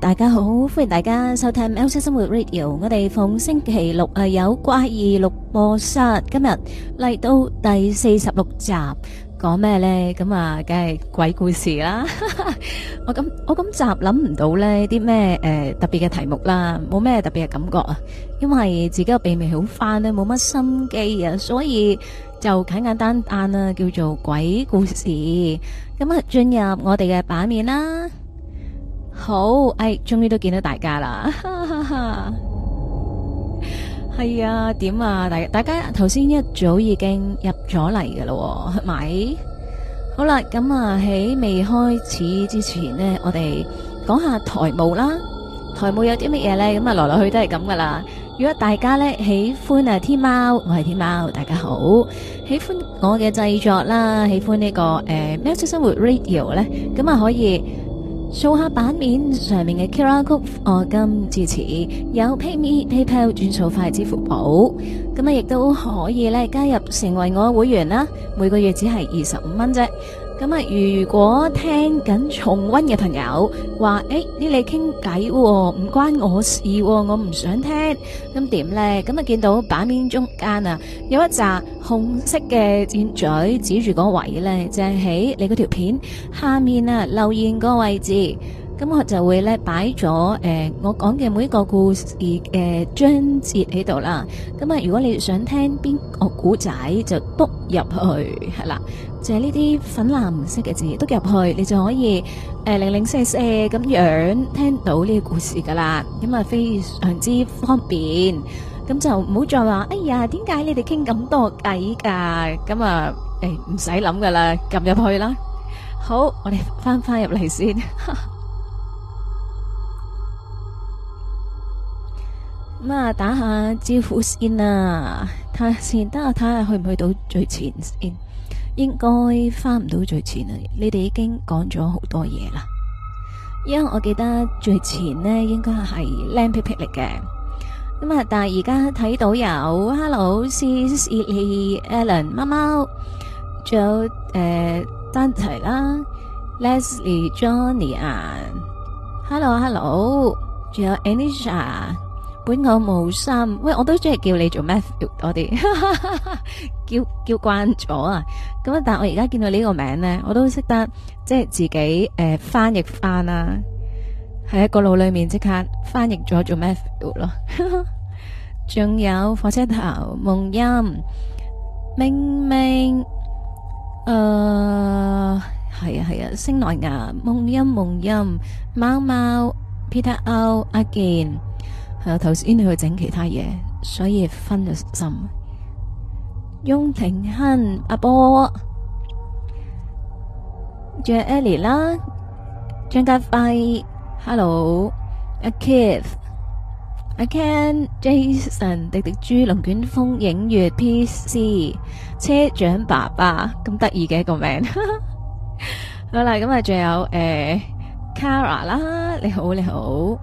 大家好，歡迎大家收聽喵式生活 Radio。我哋逢星期六啊有怪異錄播室，今日嚟到第四十六集，講咩呢？咁啊，梗係鬼故事啦。我咁我咁集諗唔到呢啲咩誒特別嘅題目啦，冇咩特別嘅感覺啊，因為自己個鼻未好翻呢，冇乜心機啊，所以就簡簡單單啦，叫做鬼故事。咁啊，進入我哋嘅版面啦。好，哎，終於都見到大家啦，係 啊、哎，點啊，大家大家頭先一早已經入咗嚟㗎咯，係咪？好啦，咁啊，喺未開始之前呢，我哋講下台務啦。台務有啲乜嘢呢？咁啊，來來去都係咁噶啦。如果大家呢，喜歡啊天貓，我係天貓，大家好，喜歡我嘅製作啦，喜歡呢、這個誒喵式生活 Radio 呢，咁啊可以。掃下版面上面嘅 QR code 哦，金支持有 PayMe、PayPal 轉數快、支付寶。咁啊，亦都可以咧加入成為我會員啦。每個月只係二十五蚊啫。咁啊，如果聽緊重溫嘅朋友話，誒呢、欸，你傾偈唔關我事，啊，我唔想聽，咁點呢？咁啊，見到版面中間啊有一紮紅色嘅箭嘴指住個位呢，就喺你嗰條片下面啊留言個位置。咁我就會咧擺咗誒，我講嘅每一個故事嘅章節喺度啦。咁啊，如果你想聽邊個古仔，就篤入去係啦，就係呢啲粉藍色嘅字篤入去，你就可以誒零零碎碎咁樣聽到呢個故事噶啦。咁啊非常之方便，咁就唔好再話哎呀，點解你哋傾咁多偈噶？咁啊誒唔使諗噶啦，撳入去啦。好，我哋翻翻入嚟先。咁啊，打下招呼先啦，睇下先，等我睇下去唔去到最前先。應該翻唔到最前啊！你哋已經講咗好多嘢啦。因為我記得最前呢應該係靚皮皮嚟嘅。咁啊，但係而家睇到有 Hello，C. E. Allen 貓貓，仲有誒丹齊啦，Leslie，Johnny 啊，Hello，Hello，仲有 Anisha。本我無心，喂！我都中意叫你做 Matthew 多啲， 叫叫慣咗啊！咁啊，但我而家見到呢個名咧，我都識得即係自己誒、呃、翻譯翻啦。喺個腦裏面即刻翻譯咗做 Matthew 咯。仲 有火車頭夢音，明明，呃，係啊係啊，星來牙、夢音夢音，貓貓 Peter O、阿健。係啊，頭先你去整其他嘢，所以分咗心。翁庭亨阿波仲有 Ellie 啦，張家輝 Hello 阿 Keith 阿 Ken Jason 迪迪豬龍捲風影月 PC 車長爸爸，咁得意嘅一個名， 好啦，咁啊仲有誒，Kara、呃、啦，你好，你好。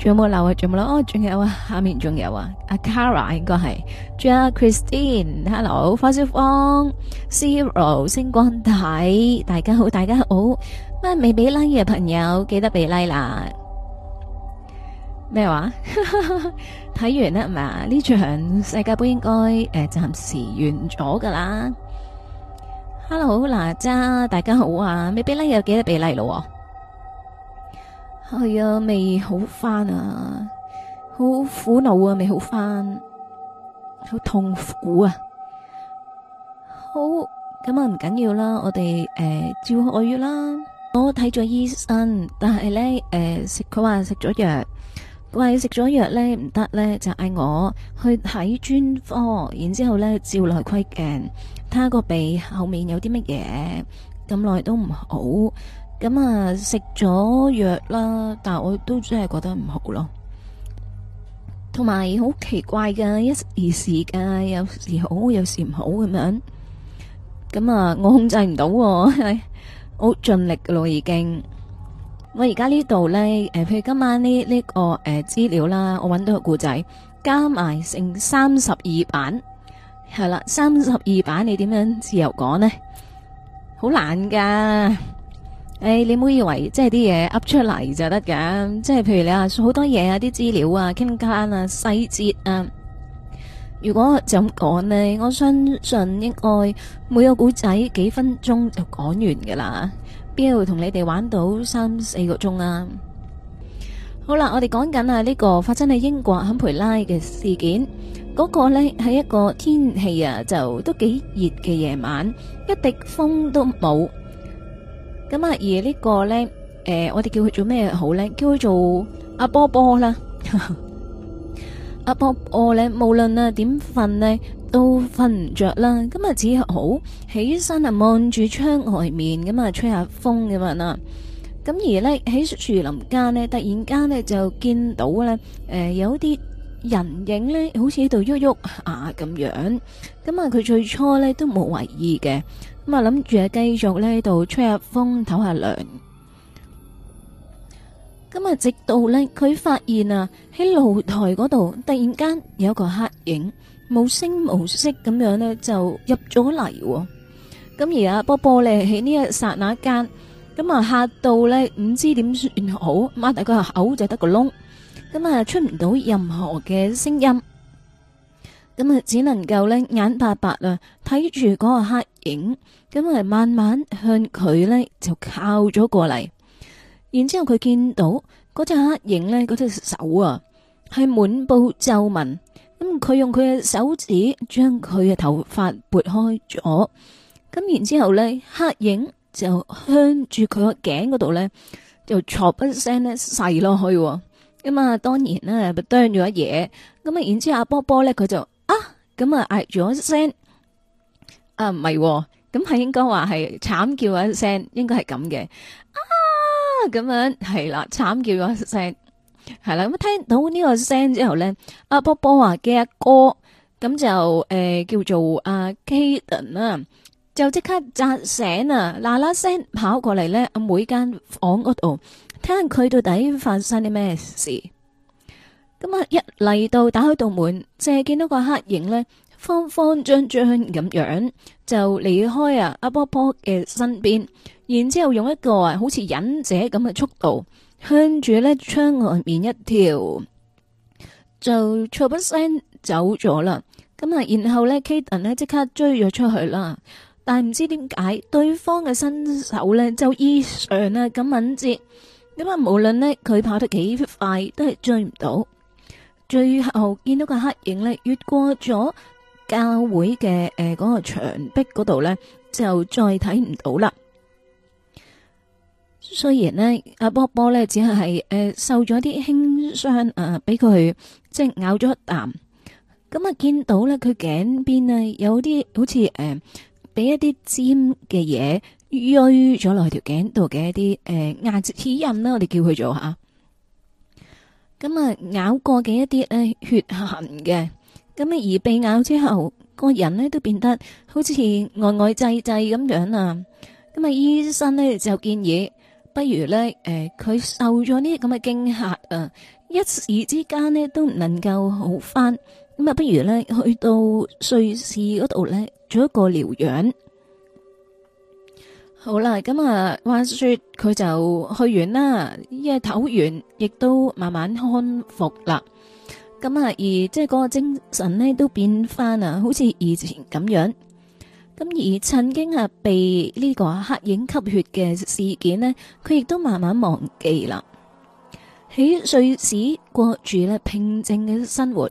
仲有冇漏啊，冇漏哦，仲有下面仲有啊，阿 Cara 應該係，仲有 Christine，Hello，花小芳 Zero 星光體，大家好，大家好，咩未比拉嘅朋友記得比拉啦，咩話？睇 完啦，係嘛？呢場世界杯應該誒暫時完咗噶啦。Hello 娜吒，大家好啊，未比拉有記得比拉咯？係、哎、啊，未好翻啊，好苦惱啊，未好翻，好痛苦啊，好咁啊唔緊要緊啦，我哋誒、呃、照外約啦。我睇咗醫生，但係咧誒食佢話食咗藥，佢話食咗藥咧唔得咧，就嗌我去睇專科，然之後咧照內窺鏡，睇下個鼻後面有啲乜嘢，咁耐都唔好。咁啊，食咗藥啦，但係我都真係覺得唔好咯。同埋好奇怪嘅一時時間，噶有時好，有時唔好咁樣。咁啊，我控制唔到、啊，係、哎、我盡力嘅咯。已經我而家呢度呢，誒、呃，譬如今晚呢、這、呢個誒資、這個呃、料啦，我搵到個故仔，加埋成三十二版，係啦，三十二版你點樣自由講呢，好難噶。誒、哎，你唔好以為即係啲嘢噏出嚟就得噶，即係譬如你話好多嘢啊，啲資料啊、傾偈啊、細節啊。如果就咁講呢，我相信應該每個古仔幾分鐘就講完噶啦，邊會同你哋玩到三四個鐘啊？好啦，我哋講緊啊呢、呢個發生喺英國坎培拉嘅事件，嗰、嗰個呢，喺一個天氣啊，就都幾熱嘅夜晚，一滴風都冇。咁阿爺呢個咧，誒、呃，我哋叫佢做咩好咧？叫佢做阿波波啦。 阿波波咧，無論啊點瞓呢都瞓唔着啦。咁啊，只好起身啊，望住窗外面，咁啊，吹下風咁樣啦。咁而咧，喺樹林間咧，突然間咧就見到咧，誒、呃，有啲人影咧，好似喺度喐喐下咁樣。咁啊，佢最初咧都冇為意嘅。咁啊，諗住喺繼續咧喺度吹下風、唞下涼。咁啊，直到咧佢發現啊，喺露台嗰度突然間有一個黑影，無聲無息咁樣咧就入咗嚟。咁而阿波波咧喺呢一剎那間，咁啊嚇到咧唔知點算好。擘大個口就得個窿，咁啊出唔到任何嘅聲音。咁啊，只能夠咧眼白白啊，睇住嗰個黑影，咁啊慢慢向佢咧就靠咗過嚟。然之後佢見到嗰隻黑影咧，嗰隻手啊，係滿布皺紋。咁佢用佢嘅手指將佢嘅頭髮撥開咗。咁然之後咧，黑影就向住佢個頸嗰度咧，就戳一聲咧，細落去。咁啊，當然咧，啄咗一嘢。咁啊，然之後阿波波咧，佢就。咁啊嗌咗聲，啊唔係，咁係應該話係慘叫一聲，應該係咁嘅。啊，咁、哦、樣係啦，慘、啊、叫一聲，係啦。咁、嗯、聽到呢個聲之後咧，阿波波話嘅阿哥，咁、嗯、就誒、呃、叫做阿 Kaden 啊，啊，就即刻扎醒啊，嗱嗱聲跑過嚟咧，阿每間房屋度聽下佢到底發生啲咩事。咁啊，一嚟到打開道門，淨係見到個黑影呢，慌慌張張咁樣就離開啊阿波波嘅身邊，然之後用一個啊好似忍者咁嘅速度，向住呢窗外面一跳，就嘈一聲走咗啦。咁啊，然後呢 Kaden 呢即刻追咗出去啦，但唔知點解對方嘅身手呢，就異常呢咁敏捷，咁啊，無論呢，佢跑得幾快，都係追唔到。最後見到個黑影咧，越過咗教會嘅誒嗰個牆壁嗰度咧，就再睇唔到啦。雖然呢，阿波波咧只係誒、呃、受咗啲輕傷，誒俾佢即係咬咗一啖。咁、呃、啊，見到咧佢頸邊呢有啲好似誒俾一啲尖嘅嘢淤咗落去條頸度嘅一啲誒牙齒印啦，我哋叫佢做吓。咁啊，咬過嘅一啲咧血痕嘅，咁啊而被咬之後，個人呢都變得好似呆呆滯滯咁樣啊！咁啊，醫生呢就建議，不如咧誒，佢受咗呢啲咁嘅驚嚇啊，一時之間呢都唔能夠好返，咁啊，不如咧去到瑞士嗰度咧做一個療養。好啦，咁啊，話說佢就去完啦，個唞完亦都慢慢康復啦。咁啊，而即係嗰個精神呢，都變翻啊，好似以前咁樣。咁而曾經啊被呢個黑影吸血嘅事件呢，佢亦都慢慢忘記啦，喺瑞士過住呢，平靜嘅生活。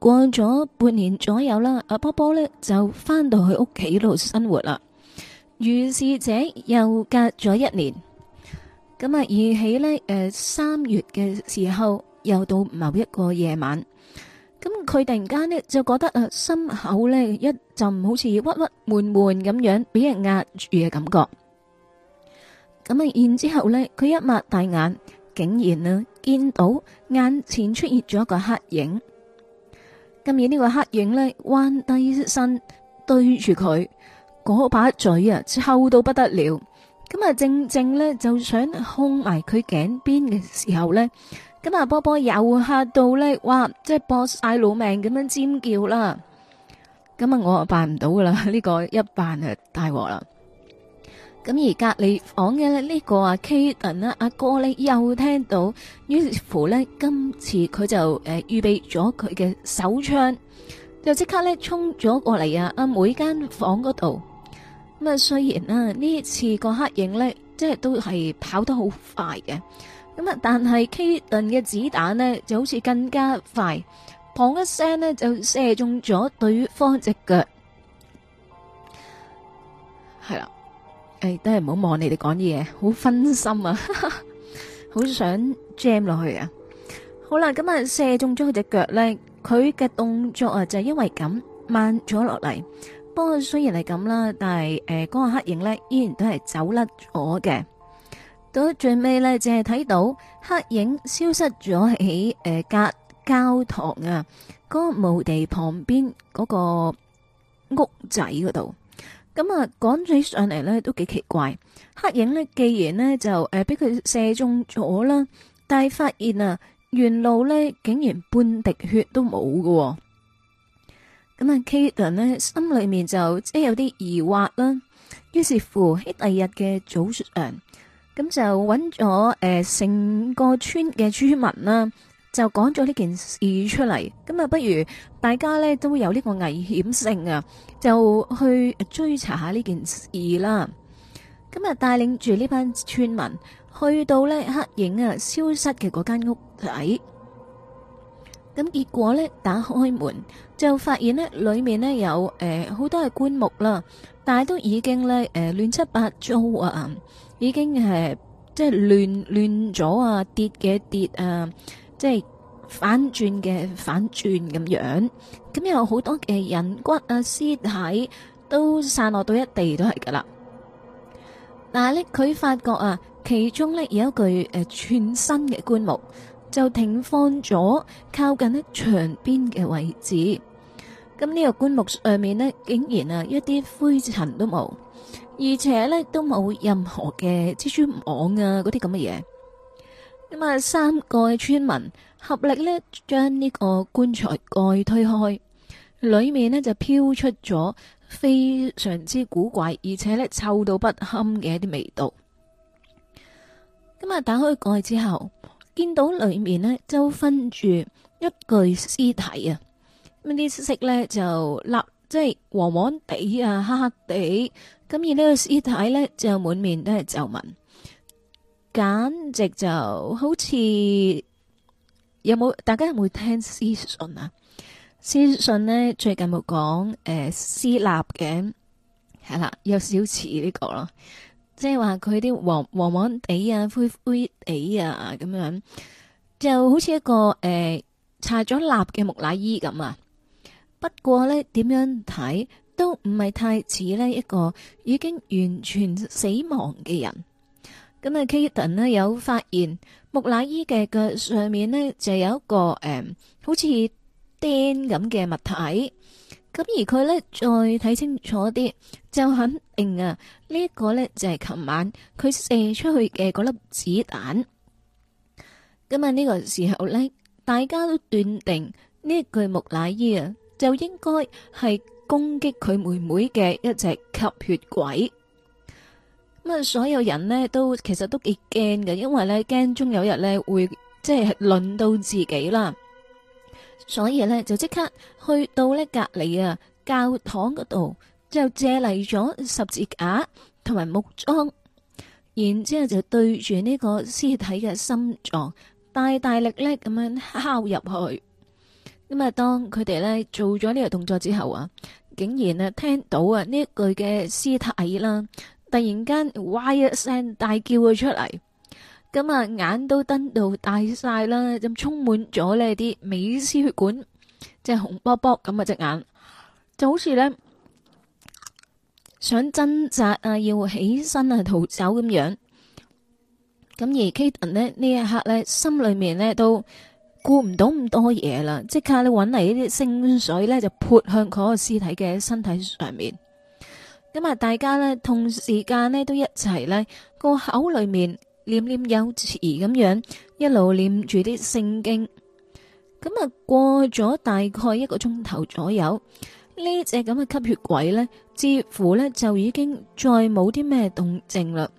過咗半年左右啦，阿波波呢，就翻到去屋企度生活啦。如是者又隔咗一年，咁啊，而起咧，誒，三月嘅時候，又到某一個夜晚，咁佢突然間咧就覺得誒心口咧一陣好似鬱鬱悶悶咁樣，俾人壓住嘅感覺。咁啊，然之後咧，佢一擘大眼，竟然咧見到眼前出現咗一個黑影。跟住呢個黑影咧彎低身對住佢。嗰把嘴啊，臭到不得了！咁啊，正正咧就想控埋佢頸邊嘅時候咧，咁啊波波又嚇到咧，哇！即係搏晒老命咁樣尖叫啦！咁、這個、啊，我啊辦唔到噶啦，呢個一扮啊大鑊啦！咁而隔離房嘅呢個啊，Ken 啦，阿哥咧又聽到，於是乎咧，今次佢就誒預、呃、備咗佢嘅手槍，就即刻咧衝咗過嚟啊！每間房嗰度。咁啊，雖然啊呢次個黑影呢，即係都係跑得好快嘅，咁啊，但係基頓嘅子彈呢，就好似更加快，砰一聲呢，就射中咗對方隻腳，係啦，誒、哎，都係唔好望你哋講嘢，好分心啊，好想 jam 落去啊，好啦，咁啊，射中咗佢隻腳呢，佢嘅動作啊就因為咁慢咗落嚟。雖然係咁啦，但係誒，嗰、呃那個黑影呢，依然都係走甩咗嘅。到最尾呢，淨係睇到黑影消失咗喺誒格教堂啊，嗰、那個墓地旁邊嗰個屋仔嗰度。咁啊，講起上嚟呢，都幾奇怪。黑影呢，既然呢，就誒俾佢射中咗啦，但係發現啊，沿路呢，竟然半滴血都冇㗎。咁啊，Katon 呢心裏面就即係有啲疑惑啦，於是乎喺第二日嘅早上，咁就揾咗誒成個村嘅村民啦、啊，就講咗呢件事出嚟。咁啊，不如大家呢，都有呢個危險性啊，就去追查下呢件事啦。咁就帶領住呢班村民去到呢黑影啊消失嘅嗰間屋底。咁結果呢，打開門就發現呢裏面呢有誒好多嘅棺木啦，但係都已經呢誒亂七八糟啊，已經係即係亂亂咗啊，跌嘅跌啊，即係反轉嘅反轉咁樣，咁有好多嘅人骨啊屍體都散落到一地都係噶啦。但係呢，佢發覺啊，其中呢有一具誒全新嘅棺木。就停放咗靠近呢牆邊嘅位置。咁呢個棺木上面呢，竟然啊一啲灰塵都冇，而且呢都冇任何嘅蜘蛛網啊嗰啲咁嘅嘢。咁啊，三個村民合力呢，將呢個棺材蓋推開，裏面呢就飄出咗非常之古怪，而且呢臭到不堪嘅一啲味道。咁啊，打開蓋之後。見到裏面呢，就分住一具屍體啊！咁啲色呢就立，即係黃黃地啊，黑黑地。咁而呢個屍體呢，就滿面都係皺紋，簡直就好似有冇？大家有冇聽屍訊啊？屍訊呢，最近冇講誒，私立嘅係啦，有少似呢個咯。即係話佢啲黃黃黃地啊，灰灰地啊咁樣，就好似一個誒擦咗蠟嘅木乃伊咁啊。不過咧，點樣睇都唔係太似呢一個已經完全死亡嘅人。咁、嗯、啊，Kenton 呢，有發現木乃伊嘅腳上面呢，就有一個誒、呃，好似釘咁嘅物體。咁而佢呢，再睇清楚啲，就肯定啊呢、這個呢就係、是、琴晚佢射出去嘅嗰粒子彈。咁啊呢個時候呢，大家都斷定呢具木乃伊啊就應該係攻擊佢妹妹嘅一隻吸血鬼。咁啊，所有人呢，都其實都幾驚嘅，因為呢，驚終有日呢會即係輪到自己啦。所以咧就即刻去到呢隔籬啊教堂嗰度，就借嚟咗十字架同埋木樁，然之後就對住呢個屍體嘅心臟，大大力力咁樣敲入去。咁啊，當佢哋咧做咗呢個動作之後啊，竟然啊聽到啊呢一具嘅屍體啦，突然間哇一聲大叫咗出嚟。咁啊！眼都瞪到大晒啦，就充滿咗呢啲微絲血管，即係紅卜卜咁啊！隻眼就好似呢想掙扎啊，要起身啊逃走咁樣。咁而 Kaden 呢，呢一刻呢，心裏面呢都顧唔到咁多嘢啦，即刻你搵嚟啲清水呢就潑向嗰個屍體嘅身體上面。咁啊，大家呢同時間呢都一齊呢個口裏面。念念有詞咁樣，一路念住啲聖經。咁啊，過咗大概一個鐘頭左右，呢隻咁嘅吸血鬼呢，似乎呢就已經再冇啲咩動靜啦。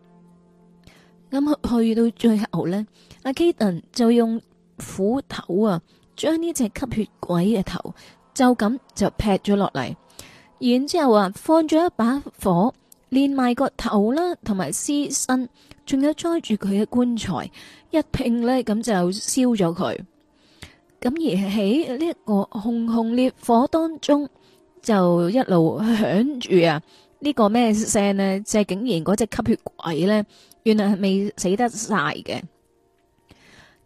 咁去到最後呢，阿基 n 就用斧頭啊，將呢隻吸血鬼嘅頭就咁就劈咗落嚟，然之後啊，放咗一把火。連埋個頭啦，同埋屍身，仲有載住佢嘅棺材，一拼咧，咁就燒咗佢。咁而喺呢個熊熊烈火當中，就一路響住啊！呢個咩聲咧？即係竟然嗰隻吸血鬼咧，原來係未死得晒嘅。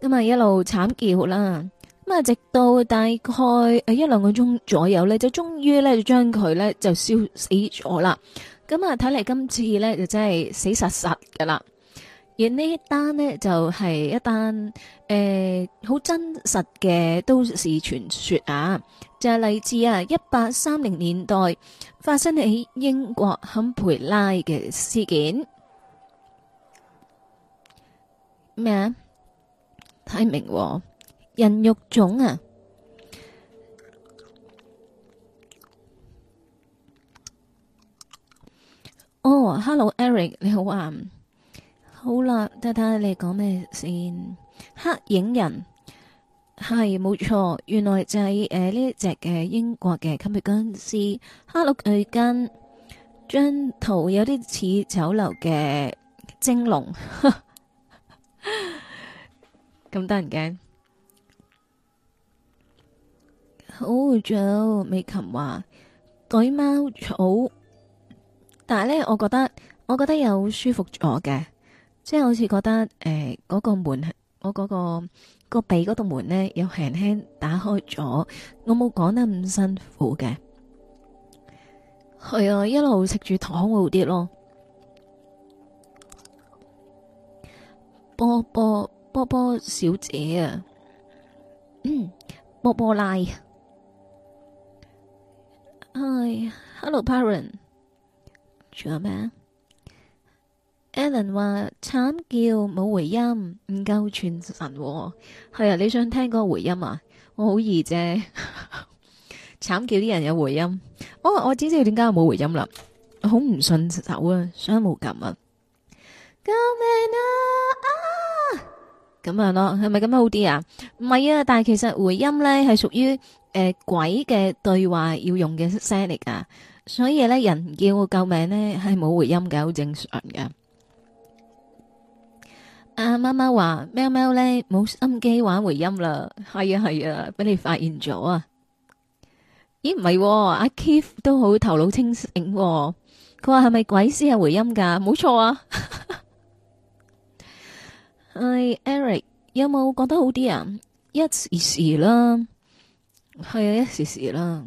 咁啊，一路慘叫啦。咁啊，直到大概誒一兩個鐘左右咧，就終於咧就將佢咧就燒死咗啦。咁啊，睇嚟今次呢就真係死實實噶啦。而一呢單呢就係、是、一單誒好真實嘅都市傳說啊，就係、是、嚟自啊一八三零年代發生喺英國坎培拉嘅事件。咩啊？睇明人肉粽啊！哦、oh,，Hello Eric，你好啊、嗯！好啦，睇睇你講咩先？黑影人係冇錯，原來就係誒呢隻嘅英國嘅金伯根斯，Hello，佢間，張圖有啲似酒樓嘅蒸籠，咁 得人驚。好，仲有美琴話對貓草。但係咧，我覺得我覺得有舒服咗嘅，即係好似覺得誒嗰、呃嗰個門，我嗰、嗰個、嗰個鼻嗰度門咧又輕輕打開咗，我冇講得咁辛苦嘅，係啊，一路食住糖好啲咯。波波波波小姐啊，嗯，波波拉，Hi，Hello，parent。仲有咩？Alan 話慘叫冇回音，唔夠傳神、啊。係啊，你想聽個回音啊？我好易啫，慘 叫啲人有回音。我、哦、我知知道點解冇回音啦，好唔順手啊，傷無感啊。救命啊！咁、啊啊、樣咯、啊，係咪咁樣好啲啊？唔係啊，但係其實回音咧係屬於誒鬼嘅對話要用嘅聲嚟㗎。所以咧，人叫救命呢，係冇回音嘅，好正常嘅。阿媽媽話：喵喵呢冇心機玩回音啦。係啊，係啊，俾你發現咗啊！咦，唔係、啊，阿 Keith 都好頭腦清醒、啊。佢話係咪鬼先係回音噶？冇錯啊。係。 哎，Eric 有冇覺得好啲啊？一時時啦，係啊，一時時啦。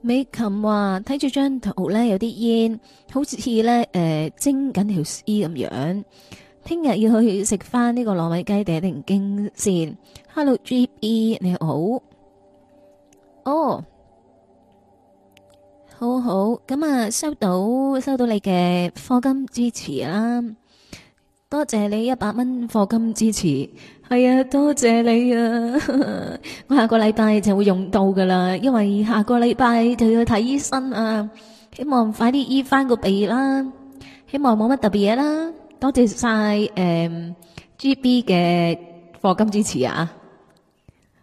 美琴話睇住張圖咧，有啲煙，好似咧誒蒸緊條絲咁樣。聽日要去食返呢個糯米雞，一定定經扇。Hello G E，你好。哦，oh，好好，咁啊，收到收到你嘅課金支持啦。多謝你一百蚊課金支持，係啊，多謝你啊！呵呵，我下個禮拜就會用到噶啦，因為下個禮拜就要去睇醫生啊，希望快啲醫翻個鼻啦，希望冇乜特別嘢啦。多謝晒誒 G B 嘅課金支持啊！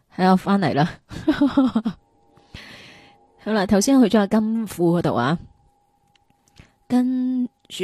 係、哎、啊，翻嚟啦， 好啦，頭先去咗阿金庫嗰度啊，跟住。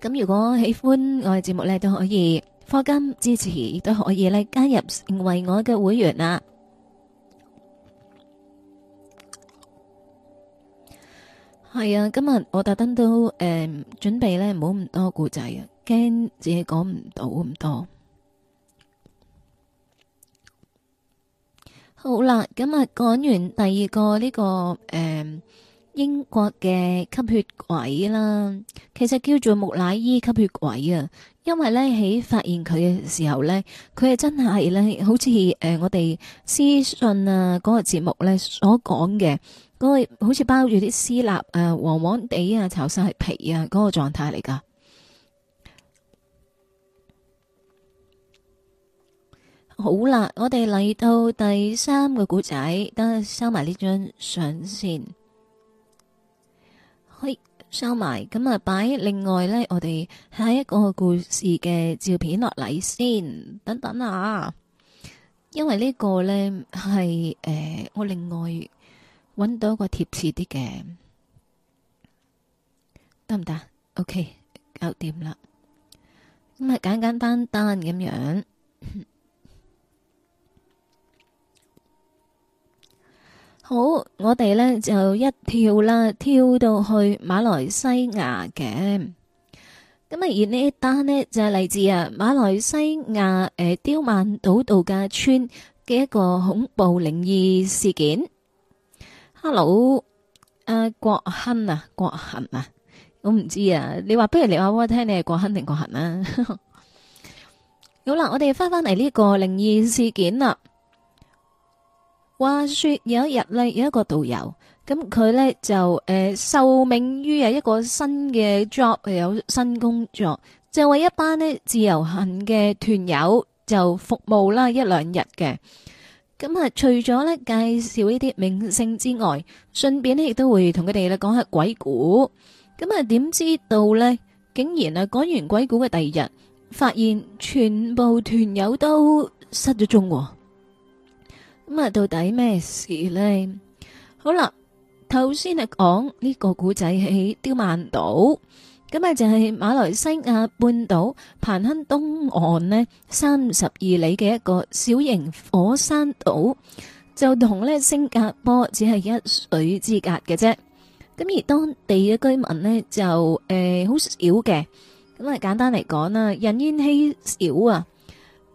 咁如果喜歡我嘅節目呢，都可以課金支持，亦都可以呢加入成為我嘅會員啊！係啊，今日我特登都誒、嗯、準備唔好咁多故仔啊，驚自己講唔到咁多。好啦，今日講完第二個呢、這個誒。嗯英國嘅吸血鬼啦，其實叫做木乃伊吸血鬼啊。因為咧喺發現佢嘅時候咧，佢係真係咧，好似誒、呃、我哋屍訊啊嗰、那個節目咧所講嘅嗰個，好似包住啲屍蠟啊、黃黃地啊，巢晒皮啊嗰、那個狀態嚟噶。好啦，我哋嚟到第三個古仔，等下收埋呢張相先。收埋，咁啊，擺另外咧，我哋下一個故事嘅照片落嚟先，等等啊，因為呢個咧係誒，我另外搵到一個貼切啲嘅，得唔得？OK，搞掂啦，咁啊簡簡單單咁樣。好，我哋咧就一跳啦，跳到去馬來西亞嘅。咁啊，而呢單咧就係嚟自啊馬來西亞誒刁曼島度假村嘅一個恐怖靈異事件。Hello，誒國亨啊，國恒啊，我唔知啊，你話不如你話我聽，你係國亨定國恒啊？好啦，我哋翻翻嚟呢個靈異事件啦。話說有一日咧，有一個導遊，咁佢咧就誒受命於有一個新嘅 job，有新工作，就為一班咧自由行嘅團友就服務啦一兩日嘅。咁啊，除咗咧介紹呢啲名勝之外，順便咧亦都會同佢哋咧講下鬼故。咁啊，點知道咧，竟然啊講完鬼故嘅第二日，發現全部團友都失咗蹤。咁啊，到底咩事呢？好啦，頭先係講呢個古仔喺刁曼島，咁啊就係馬來西亞半島彭亨東岸呢，三十二里嘅一個小型火山島，就同呢新加坡只係一水之隔嘅啫。咁而當地嘅居民呢就誒好少嘅，咁啊簡單嚟講啦，人煙稀少啊。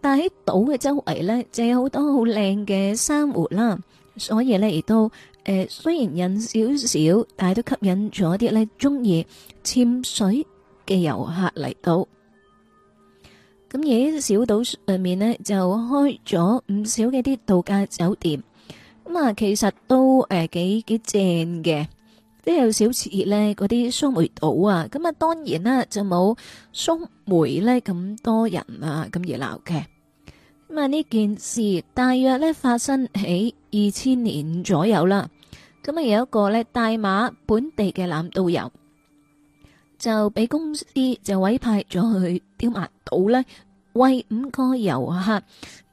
但喺島嘅周圍咧，就有好多好靚嘅珊瑚啦，所以咧亦都誒，雖然人少少，但係都吸引咗啲咧中意潛水嘅遊客嚟到。咁而喺小島入面咧，就開咗唔少嘅啲度假酒店。咁啊，其實都誒幾幾正嘅，都有少似咧嗰啲松梅島啊。咁啊，當然啦，就冇松梅咧咁多人啊咁熱鬧嘅。咁啊！呢件事大約咧發生喺二千年左右啦。咁啊，有一個咧大馬本地嘅男導遊，就俾公司就委派咗去刁牙島咧，為五個遊客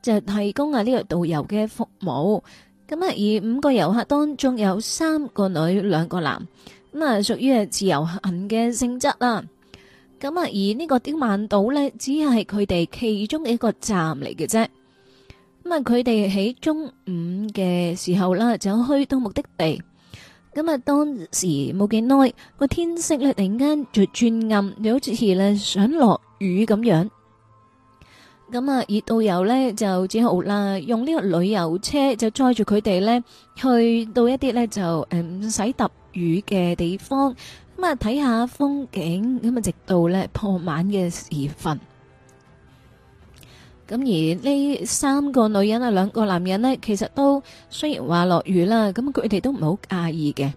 就提供啊呢個導遊嘅服務。咁啊，而五個遊客當中有三個女，兩個男，咁啊屬於啊自由行嘅性質啦。咁啊，而呢個丁曼島咧，只係佢哋其中嘅一個站嚟嘅啫。咁啊，佢哋喺中午嘅時候啦，就去到目的地。咁啊，當時冇幾耐個天色咧，突然間就轉暗，就好似咧想落雨咁樣。咁啊，熱導遊咧就只好啦，用呢個旅遊車就載住佢哋咧去到一啲咧就誒唔使揼雨嘅地方。咁啊，睇下風景，咁啊，直到呢傍晚嘅時分。咁而呢三個女人啊，兩個男人呢，其實都雖然話落雨啦，咁佢哋都唔好介意嘅，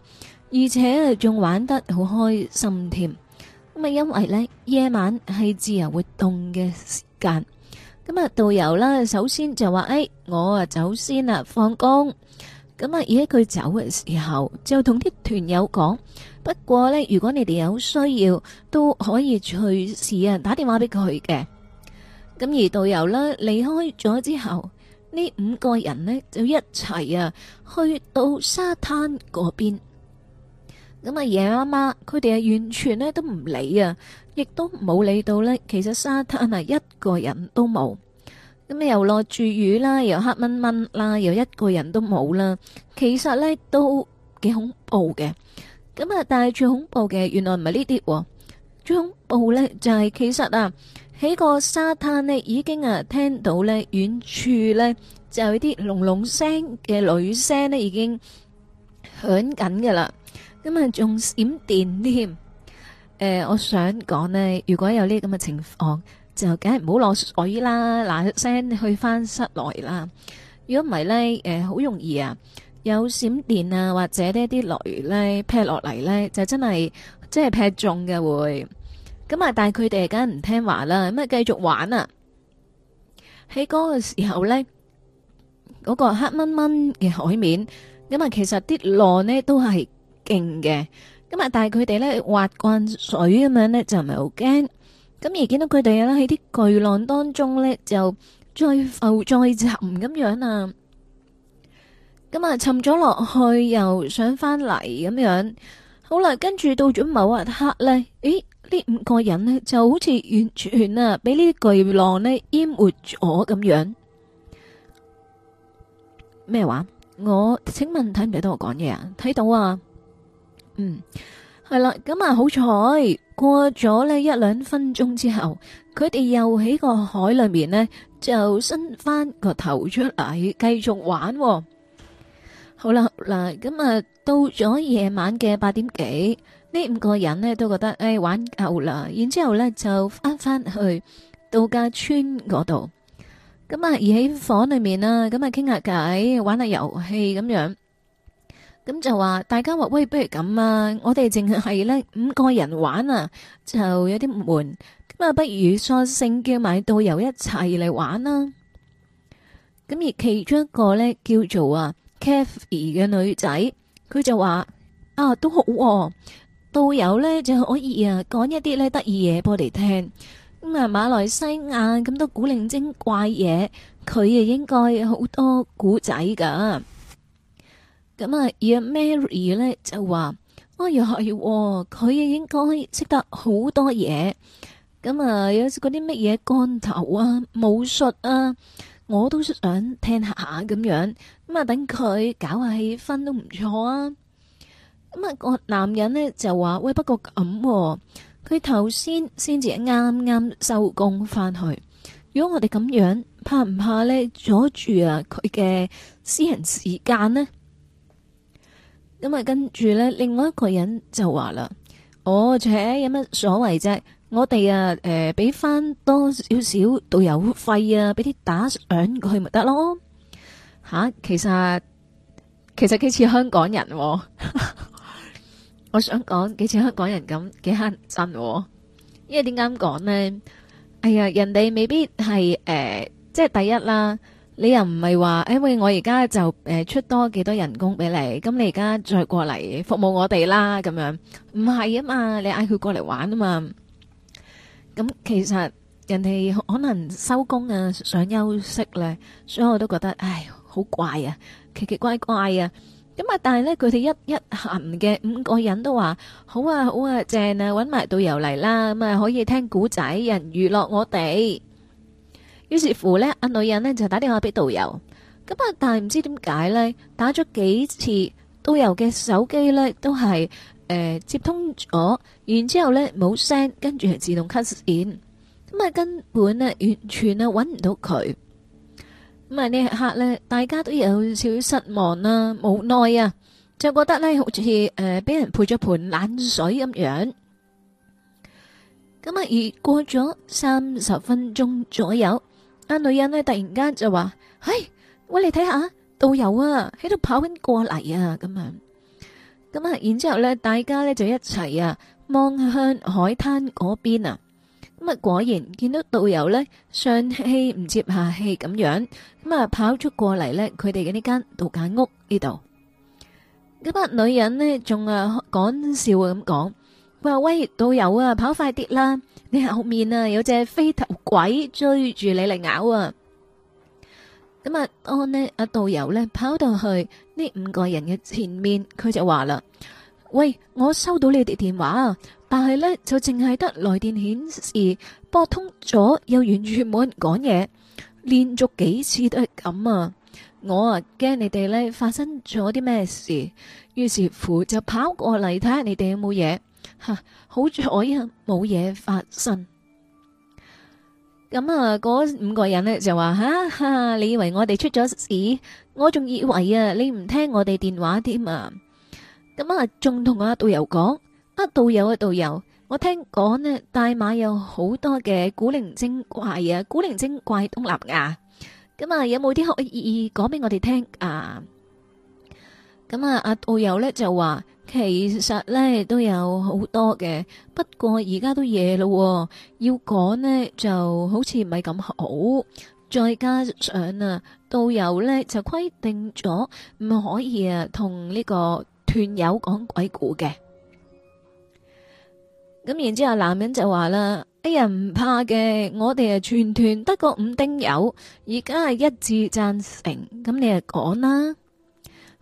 而且啊，仲玩得好開心添。咁啊，因為呢夜晚係自由活動嘅時間，咁啊，導遊啦，首先就話，哎，我啊走先啦，放工。咁啊，而喺佢走嘅時候，就同啲團友講，不過呢，如果你哋有需要，都可以隨時啊，打電話俾佢嘅。咁而導遊呢離開咗之後，呢五個人呢就一齊啊，去到沙灘嗰邊。咁啊，爺阿媽，佢哋啊完全呢都唔理啊，亦都冇理到呢，其實沙灘啊一個人都冇。咁又落住雨啦，又黑蚊蚊啦，又一個人都冇啦，其實呢都幾恐怖嘅。咁啊，但係最恐怖嘅原來唔係呢啲，最恐怖呢就係其實啊，喺個沙灘呢已經啊聽到呢遠處呢就有啲隆隆聲嘅雷聲呢已經響緊㗎喇。咁啊仲閃電添。誒，我想講呢，如果有呢咁嘅情況。就梗係唔好落水啦！嗱，聲去翻室內啦。如果唔係咧，誒，好容易啊，有閃電啊，或者呢啲雷咧劈落嚟咧，就真係真係劈中嘅會。咁啊，但係佢哋梗係唔聽話啦，咁啊繼續玩啊。喺嗰個時候咧，嗰個黑蚊蚊嘅海面，咁啊其實啲浪呢都係勁嘅。咁啊，但係佢哋咧劃慣水咁樣咧，就唔係好驚。咁而見到佢哋啦，喺啲巨浪當中咧，就再浮再沉咁樣啊！咁啊，沉咗落去又想翻嚟咁樣，好啦，跟住到咗某日黑咧，誒，呢五個人咧就好似完全啊，俾呢啲巨浪咧淹沒咗咁樣。咩話？我請問睇唔睇到我講嘢啊？睇到啊，嗯。係啦，咁啊好彩，過咗咧一兩分鐘之後，佢哋又喺個海裏面咧就伸翻個頭出嚟，繼續玩喎。好啦，嗱，咁啊到咗夜晚嘅八點幾，呢五個人咧都覺得誒，玩夠啦，然之後咧就翻翻去度假村嗰度，咁啊而喺房裏面啊，咁啊傾下偈，玩下遊戲咁樣。咁就話大家話，喂，不如咁啊！我哋淨係咧五個人玩啊，就有啲悶。咁啊，不如索性叫埋導遊一齊嚟玩啦，啊。咁而其中一個咧叫做啊 Kathy 嘅女仔，佢就話啊都好啊，導遊咧就可以啊講一啲咧得意嘢俾我哋聽。咁啊，馬來西亞咁多古靈精怪嘢，佢啊應該有好多古仔噶。咁啊，而阿 Mary 咧就話：「哎呀哦，又係佢應該識得好多嘢。咁啊，有啲嗰啲乜嘢干頭啊、武術啊，我都想聽下下咁樣。咁啊，等佢搞下氣氛都唔錯啊。咁啊，個男人咧就話：喂，不過咁啊，佢頭先先至啱啱收工翻去。如果我哋咁樣，怕唔怕咧阻住啊佢嘅私人時間呢？」咁啊，跟住咧，另外一個人就話啦、哦：，我且有乜所謂啫？我哋啊，誒、呃，俾翻多少少導遊費啊，俾啲打賞佢咪得咯？吓，其實其實幾似香港人、哦， 我想講幾似香港人咁幾慳真，因為點解咁講呢？哎呀，人哋未必係誒、呃，即係第一啦。你又唔係話，因為我而家就誒出多幾多人工俾你，咁你而家再過嚟服務我哋啦，咁樣唔係啊嘛，你嗌佢過嚟玩啊嘛，咁其實人哋可能收工啊，想休息咧，所以我都覺得，唉，好怪啊，奇奇怪怪啊，咁啊，但係咧，佢哋一一行嘅五個人都話好啊，好啊，正啊，搵埋導遊嚟啦，咁啊，可以聽古仔，人娛樂我哋。於是乎呢，阿女人呢就打電話俾導遊，咁啊，但係唔知點解呢，打咗幾次導遊嘅手機呢都係誒、呃、接通咗，然之後呢冇聲，跟住係自動 cut 線，咁啊根本呢完全啊揾唔到佢，咁啊呢一刻呢大家都有少少失望啦、啊，無奈啊，就覺得呢好似誒俾人潑咗盆冷水咁樣，咁啊而過咗三十分鐘左右。啊！女人咧，突然間就話，唉，喂，你睇下，導遊啊，喺度跑緊過嚟啊，咁樣，咁啊，然之後咧，大家咧就一齊啊，望向海灘嗰邊啊，咁啊，果然見到導遊咧上氣唔接下氣咁樣，咁啊，跑出過嚟咧，佢哋嘅呢間度假屋呢度，咁啊，女人咧仲啊，講笑咁講，話喂，導遊啊，跑快啲啦！你後面啊有隻飛頭鬼追住你嚟咬啊！咁啊，當呢，阿導遊呢，跑到去呢五個人嘅前面，佢就話啦：，喂，我收到你哋電話啊，但係呢，就淨係得來電顯示撥通咗，又完全冇人講嘢，連續幾次都係咁啊！我啊驚你哋呢發生咗啲咩事，於是乎就跑過嚟睇下你哋有冇嘢。好彩啊，冇嘢發生。咁啊，嗰五個人咧，就話：，哈哈，你以為我哋出咗事？我仲以為啊，你唔聽我哋電話添啊！咁啊，仲同阿導遊講：，阿導遊啊，導遊，我聽講咧，大馬有好多嘅古靈精怪啊，古靈精怪東南亞。咁啊，有冇啲學嘅意義講俾我哋聽啊？咁啊，阿導遊咧，就話。其實呢都有好多嘅，不過而家都夜咯喎，要講呢就好似唔係咁好，再加上啊，導遊呢就規定咗唔可以啊同呢個團友講鬼故嘅。咁然之後男人就話啦：，哎呀唔怕嘅，我哋啊全團得個五丁友，而家係一致贊成，咁你就講啦。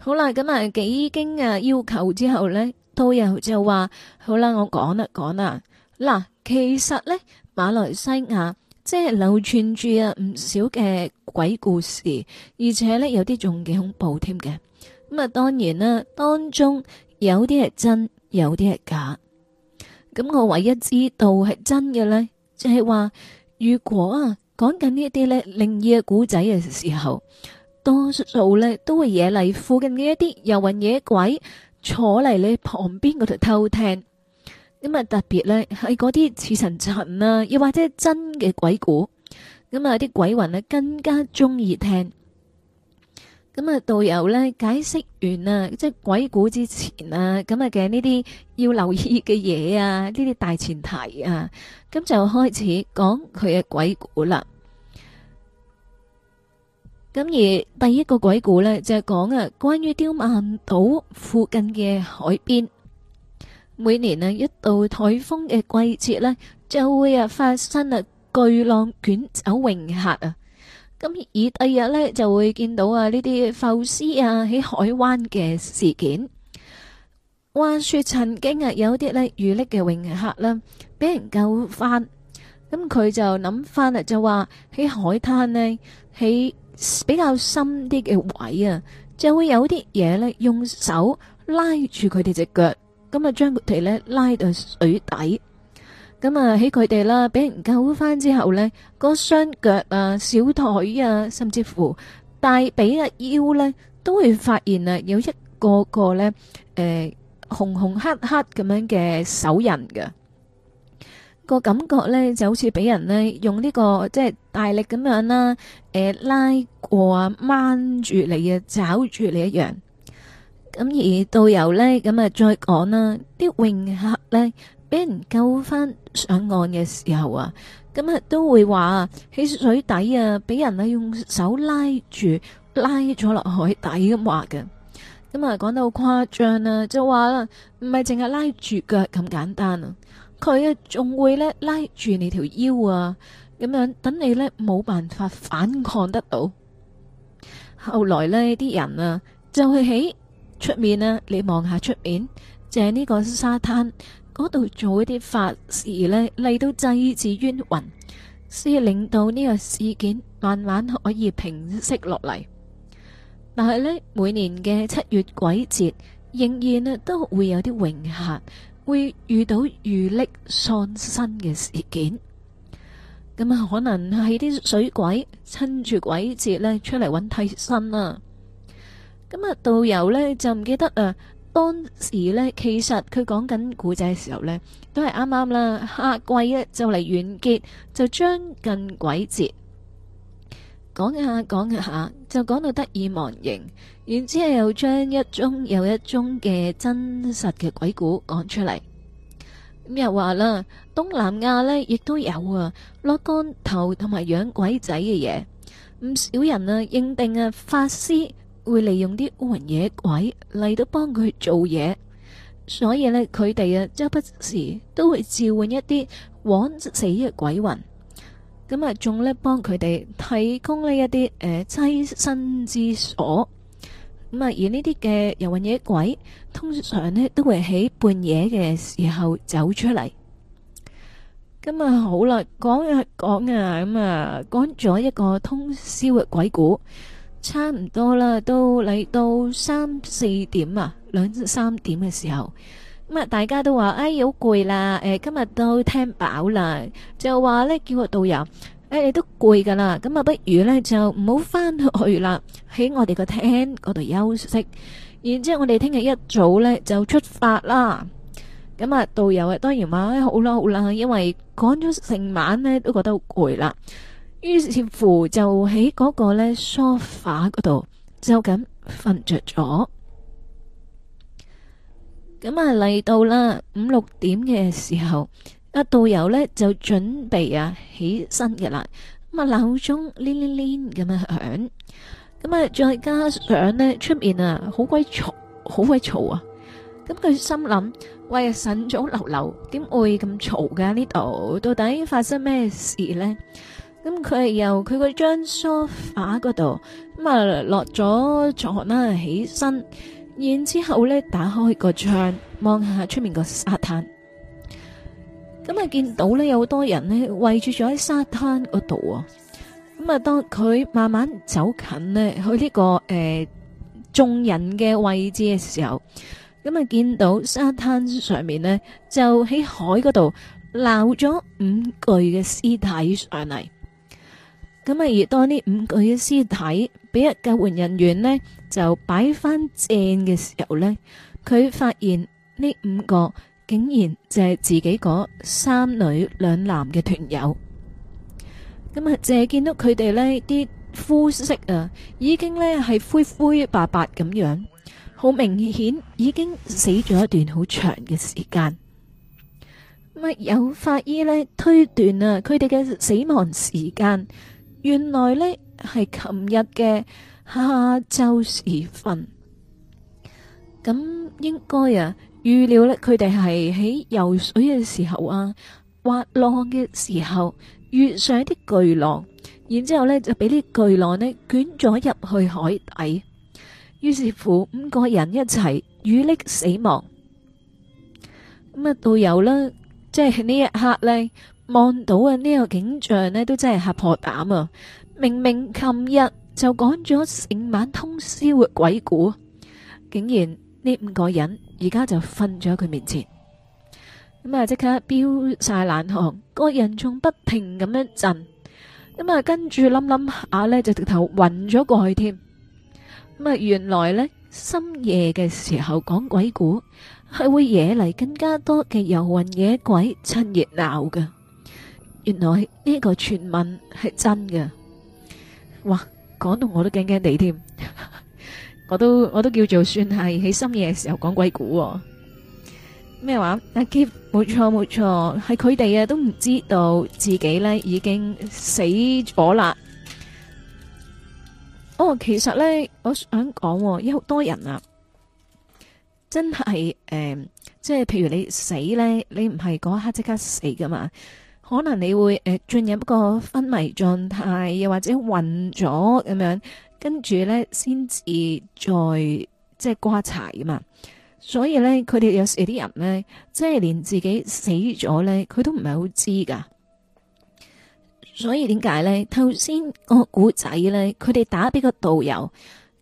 好啦，咁啊幾經啊要求之後咧，都有就話，好啦，我講啦講啦，嗱，其實咧馬來西亞即係流傳住啊唔少嘅鬼故事，而且咧有啲仲幾恐怖添嘅。咁啊，當然啦，當中有啲係真，有啲係假。咁我唯一知道係真嘅咧，即係話如果啊講緊呢一啲咧靈異嘅古仔嘅時候。多數咧都會惹嚟附近嘅一啲遊魂野鬼坐嚟你旁邊嗰度偷聽，咁啊特別咧係嗰啲似層層啊，又或者真嘅鬼故。咁啊啲鬼魂咧更加中意聽。咁啊導遊咧解釋完啊，即係鬼故之前啊，咁啊嘅呢啲要留意嘅嘢啊，呢啲大前提啊，咁就開始講佢嘅鬼故啦。咁而第一個鬼故咧，就係講啊，關於刁曼島附近嘅海邊，每年啊一到颱風嘅季節咧，就會啊發生啊巨浪捲走泳客啊。咁而第二日咧就會見到啊呢啲浮屍啊喺海灣嘅事件。話説曾經啊有啲咧遇溺嘅泳客啦，俾人救翻，咁佢就諗翻啊，就話喺海灘咧喺比較深啲嘅位啊，就會有啲嘢咧，用手拉住佢哋隻腳，咁啊，將佢哋咧拉到水底。咁啊，喺佢哋啦，俾人救翻之後咧，個雙腳啊、小腿啊，甚至乎大髀啊、腰咧，都會發現啊，有一個個咧誒、呃、紅紅黑黑咁樣嘅手印嘅。個感覺咧就好似俾人咧用呢、這個即係大力咁樣啦，誒、呃、拉過啊，掹住你啊，抓住你一樣。咁而導遊咧咁啊再講啦，啲泳客咧俾人救翻上岸嘅時候啊，咁啊都會話喺水底啊俾人啊用手拉住拉咗落海底咁話嘅，咁啊講到好誇張啊，就話啦唔係淨係拉住腳咁簡單啊。佢啊，仲會咧拉住你條腰啊，咁樣等你呢冇辦法反抗得到。後來呢啲人啊就係喺出面啊，你望下出面，就係呢個沙灘嗰度做一啲法事呢嚟到祭祀冤魂，先令到呢個事件慢慢可以平息落嚟。但係呢，每年嘅七月鬼節，仍然啊都會有啲泳客。會遇到遇溺喪生嘅事件，咁啊可能係啲水鬼趁住鬼節呢出嚟揾替身啊！咁啊導遊呢就唔記得啊，當時呢其實佢講緊古仔嘅時候呢都係啱啱啦，夏季呢就嚟完結，就將近鬼節，講一下講一下就講到得意忘形。然之後又將一宗又一宗嘅真實嘅鬼故講出嚟，咁又話啦，東南亞呢亦都有啊，落降頭同埋養鬼仔嘅嘢。唔少人啊認定啊法師會利用啲孤魂野鬼嚟到幫佢做嘢，所以呢，佢哋啊，周不時都會召喚一啲枉死嘅鬼魂，咁啊，仲呢，幫佢哋提供呢一啲誒棲身之所。咁啊，而呢啲嘅遊魂野鬼通常呢都會喺半夜嘅時候走出嚟。咁啊好啦，講啊講啊，咁啊講咗一個通宵嘅鬼故，差唔多啦，到嚟到三四點啊，兩三點嘅時候，咁啊大家都話唉好攰啦，誒今日都聽飽啦，就話呢叫我導遊。誒、哎，你都攰噶啦，咁啊，不如呢，就唔好翻去啦，喺我哋個廳嗰度休息。然之後我哋聽日一早呢，就出發啦。咁啊，導遊啊，當然話好啦，好啦，因為講咗成晚呢，都覺得好攰啦，於是乎就喺嗰個呢梳化嗰度就咁瞓着咗。咁啊，嚟到啦五六點嘅時候。阿導遊咧就準備啊起身嘅啦，咁啊鬧鐘鈴鈴鈴咁樣響，咁啊再加上咧出面啊好鬼嘈，好鬼嘈啊！咁佢心諗：喂，晨早流流點會咁嘈㗎呢度？到底發生咩事咧？咁佢由佢嗰張梳化嗰度咁啊落咗床啦，起身，然之後咧打開個窗望下出面個沙灘。咁啊，見到呢，有好多人呢，圍住咗喺沙灘嗰度啊！咁啊，當佢慢慢走近呢，去呢，呢個誒眾、呃、人嘅位置嘅時候，咁啊，見到沙灘上面呢，就喺海嗰度撈咗五具嘅屍體上嚟。咁啊，而當呢五具嘅屍體俾一救援人員呢，就擺翻正嘅時候呢，佢發現呢五個。竟然就係自己嗰三女兩男嘅團友，咁啊，淨係見到佢哋呢啲膚色呀，已經呢係灰灰白白咁樣，好明顯已經死咗一段好長嘅時間。咁有法醫呢推斷啊，佢哋嘅死亡時間原來呢係琴日嘅下晝時分，咁應該啊。預料呢，佢哋係喺游水嘅時候啊，滑浪嘅時候，遇上一啲巨浪，然之後呢就俾啲巨浪呢捲咗入去海底，於是乎五個人一齊遇溺死亡。咁、嗯、啊，導遊啦，即係呢一刻呢，望到啊呢個景象呢，都真係嚇破膽啊！明明琴日就趕咗成晚通宵嘅鬼故，竟然～呢五個人而家就瞓咗喺佢面前，咁啊即刻飆晒冷汗，個人仲不停咁樣震，咁啊跟住諗諗下呢就直頭暈咗過去添。咁啊原來呢深夜嘅時候講鬼故係會惹嚟，更加多嘅遊魂野鬼趁熱鬧㗎，原來呢個傳聞係真嘅。哇，講到我都驚驚地添。我都我都叫做算係喺深夜嘅時候講鬼故、啊，咩話、啊？阿 K，冇錯冇錯，係佢哋啊都唔知道自己咧已經死咗啦。哦，其實咧我想講、啊、有好多人啊，真係誒、呃，即係譬如你死咧，你唔係嗰一刻即刻死噶嘛，可能你會誒進、呃、入一個昏迷狀態，又或者暈咗咁樣。跟住咧，先至再即係瓜柴啊嘛！所以咧，佢哋有時啲人咧，即係連自己死咗咧，佢都唔係好知噶。所以點解咧？頭先個古仔咧，佢哋打俾個導遊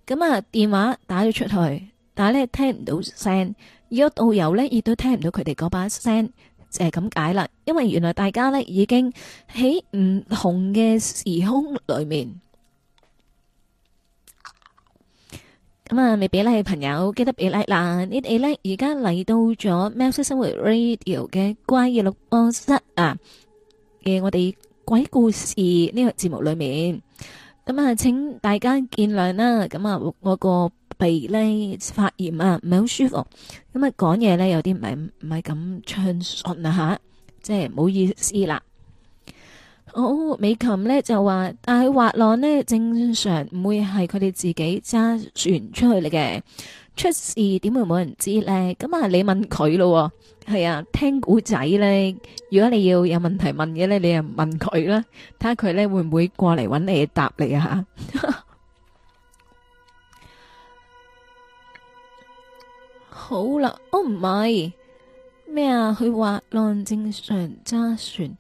咁啊，電話打咗出去，但係咧聽唔到聲，而個導遊咧亦都聽唔到佢哋嗰把聲，就係咁解啦。因為原來大家咧已經喺唔同嘅時空裏面。咁、嗯 like、啊，未俾 like 嘅朋友記得俾 like 啦，你哋呢而家嚟到咗喵式生活 radio 嘅怪異錄播室啊嘅我哋鬼故事呢個節目裏面，咁、嗯、啊，請大家見諒啦。咁、嗯、啊，我個鼻咧發炎啊，唔係好舒服，咁、嗯、啊講嘢咧有啲唔係唔係咁暢順啊吓，即係唔好意思啦。哦，美琴咧就話，但係滑浪呢，正常唔會係佢哋自己揸船出去嚟嘅，出事點會冇人知呢？咁啊，你問佢咯、哦，係啊，聽古仔咧。如果你要有問題問嘅咧，你就問佢啦，睇下佢咧會唔會過嚟揾你答你啊？ 好啦，哦，唔係咩啊？去滑浪正常揸船，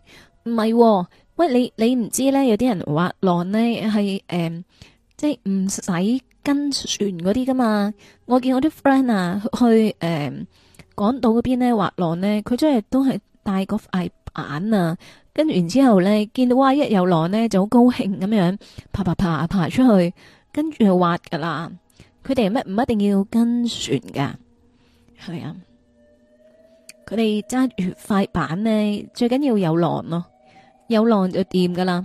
唔係、哦。喂，你你唔知咧？有啲人滑浪咧係誒，即係唔使跟船嗰啲噶嘛？我見我啲 friend 啊，去誒、呃，港島嗰邊咧滑浪咧，佢真係都係帶個塊板啊，跟完之後咧，見到哇一有浪咧就好高興咁樣，爬爬爬爬，爬出去，跟住就滑噶啦。佢哋乜唔一定要跟船噶？係啊，佢哋揸住塊板咧，最緊要有浪咯。有浪就掂㗎喇！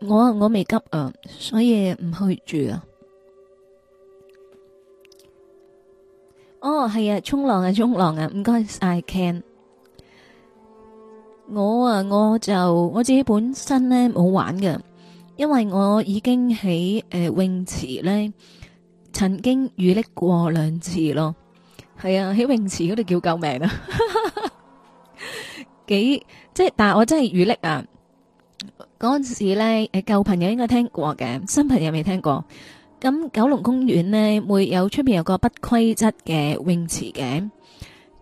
我我未急啊，所以唔去住啊。哦，係啊，衝浪啊，衝浪啊！唔該晒，Ken。我啊，我就我自己本身呢冇玩嘅，因為我已經喺誒、呃、泳池呢曾經淤溺過兩次咯。係啊，喺泳池嗰度叫救命啊 幾！幾即係，但係我真係遇溺啊！嗰陣時咧，舊朋友應該聽過嘅，新朋友未聽過。咁九龍公園呢，會有出邊有個不規則嘅泳池嘅。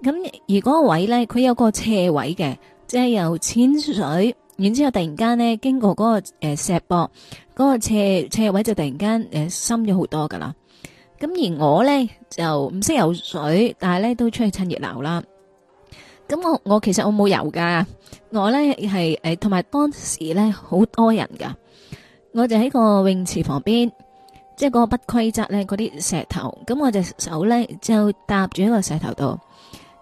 咁而嗰個位咧，佢有個斜位嘅，即係由淺水，然之後突然間呢，經過嗰、那個誒、呃、石壆，嗰、那個斜斜位就突然間誒、呃、深咗好多噶啦。咁而我咧就唔識游水，但係咧都出去趁熱鬧啦。咁我我其實我冇游噶，我咧係誒，同埋當時咧好多人噶，我就喺個泳池旁邊，即係個不規則咧嗰啲石頭，咁我隻手咧就搭住喺個石頭度，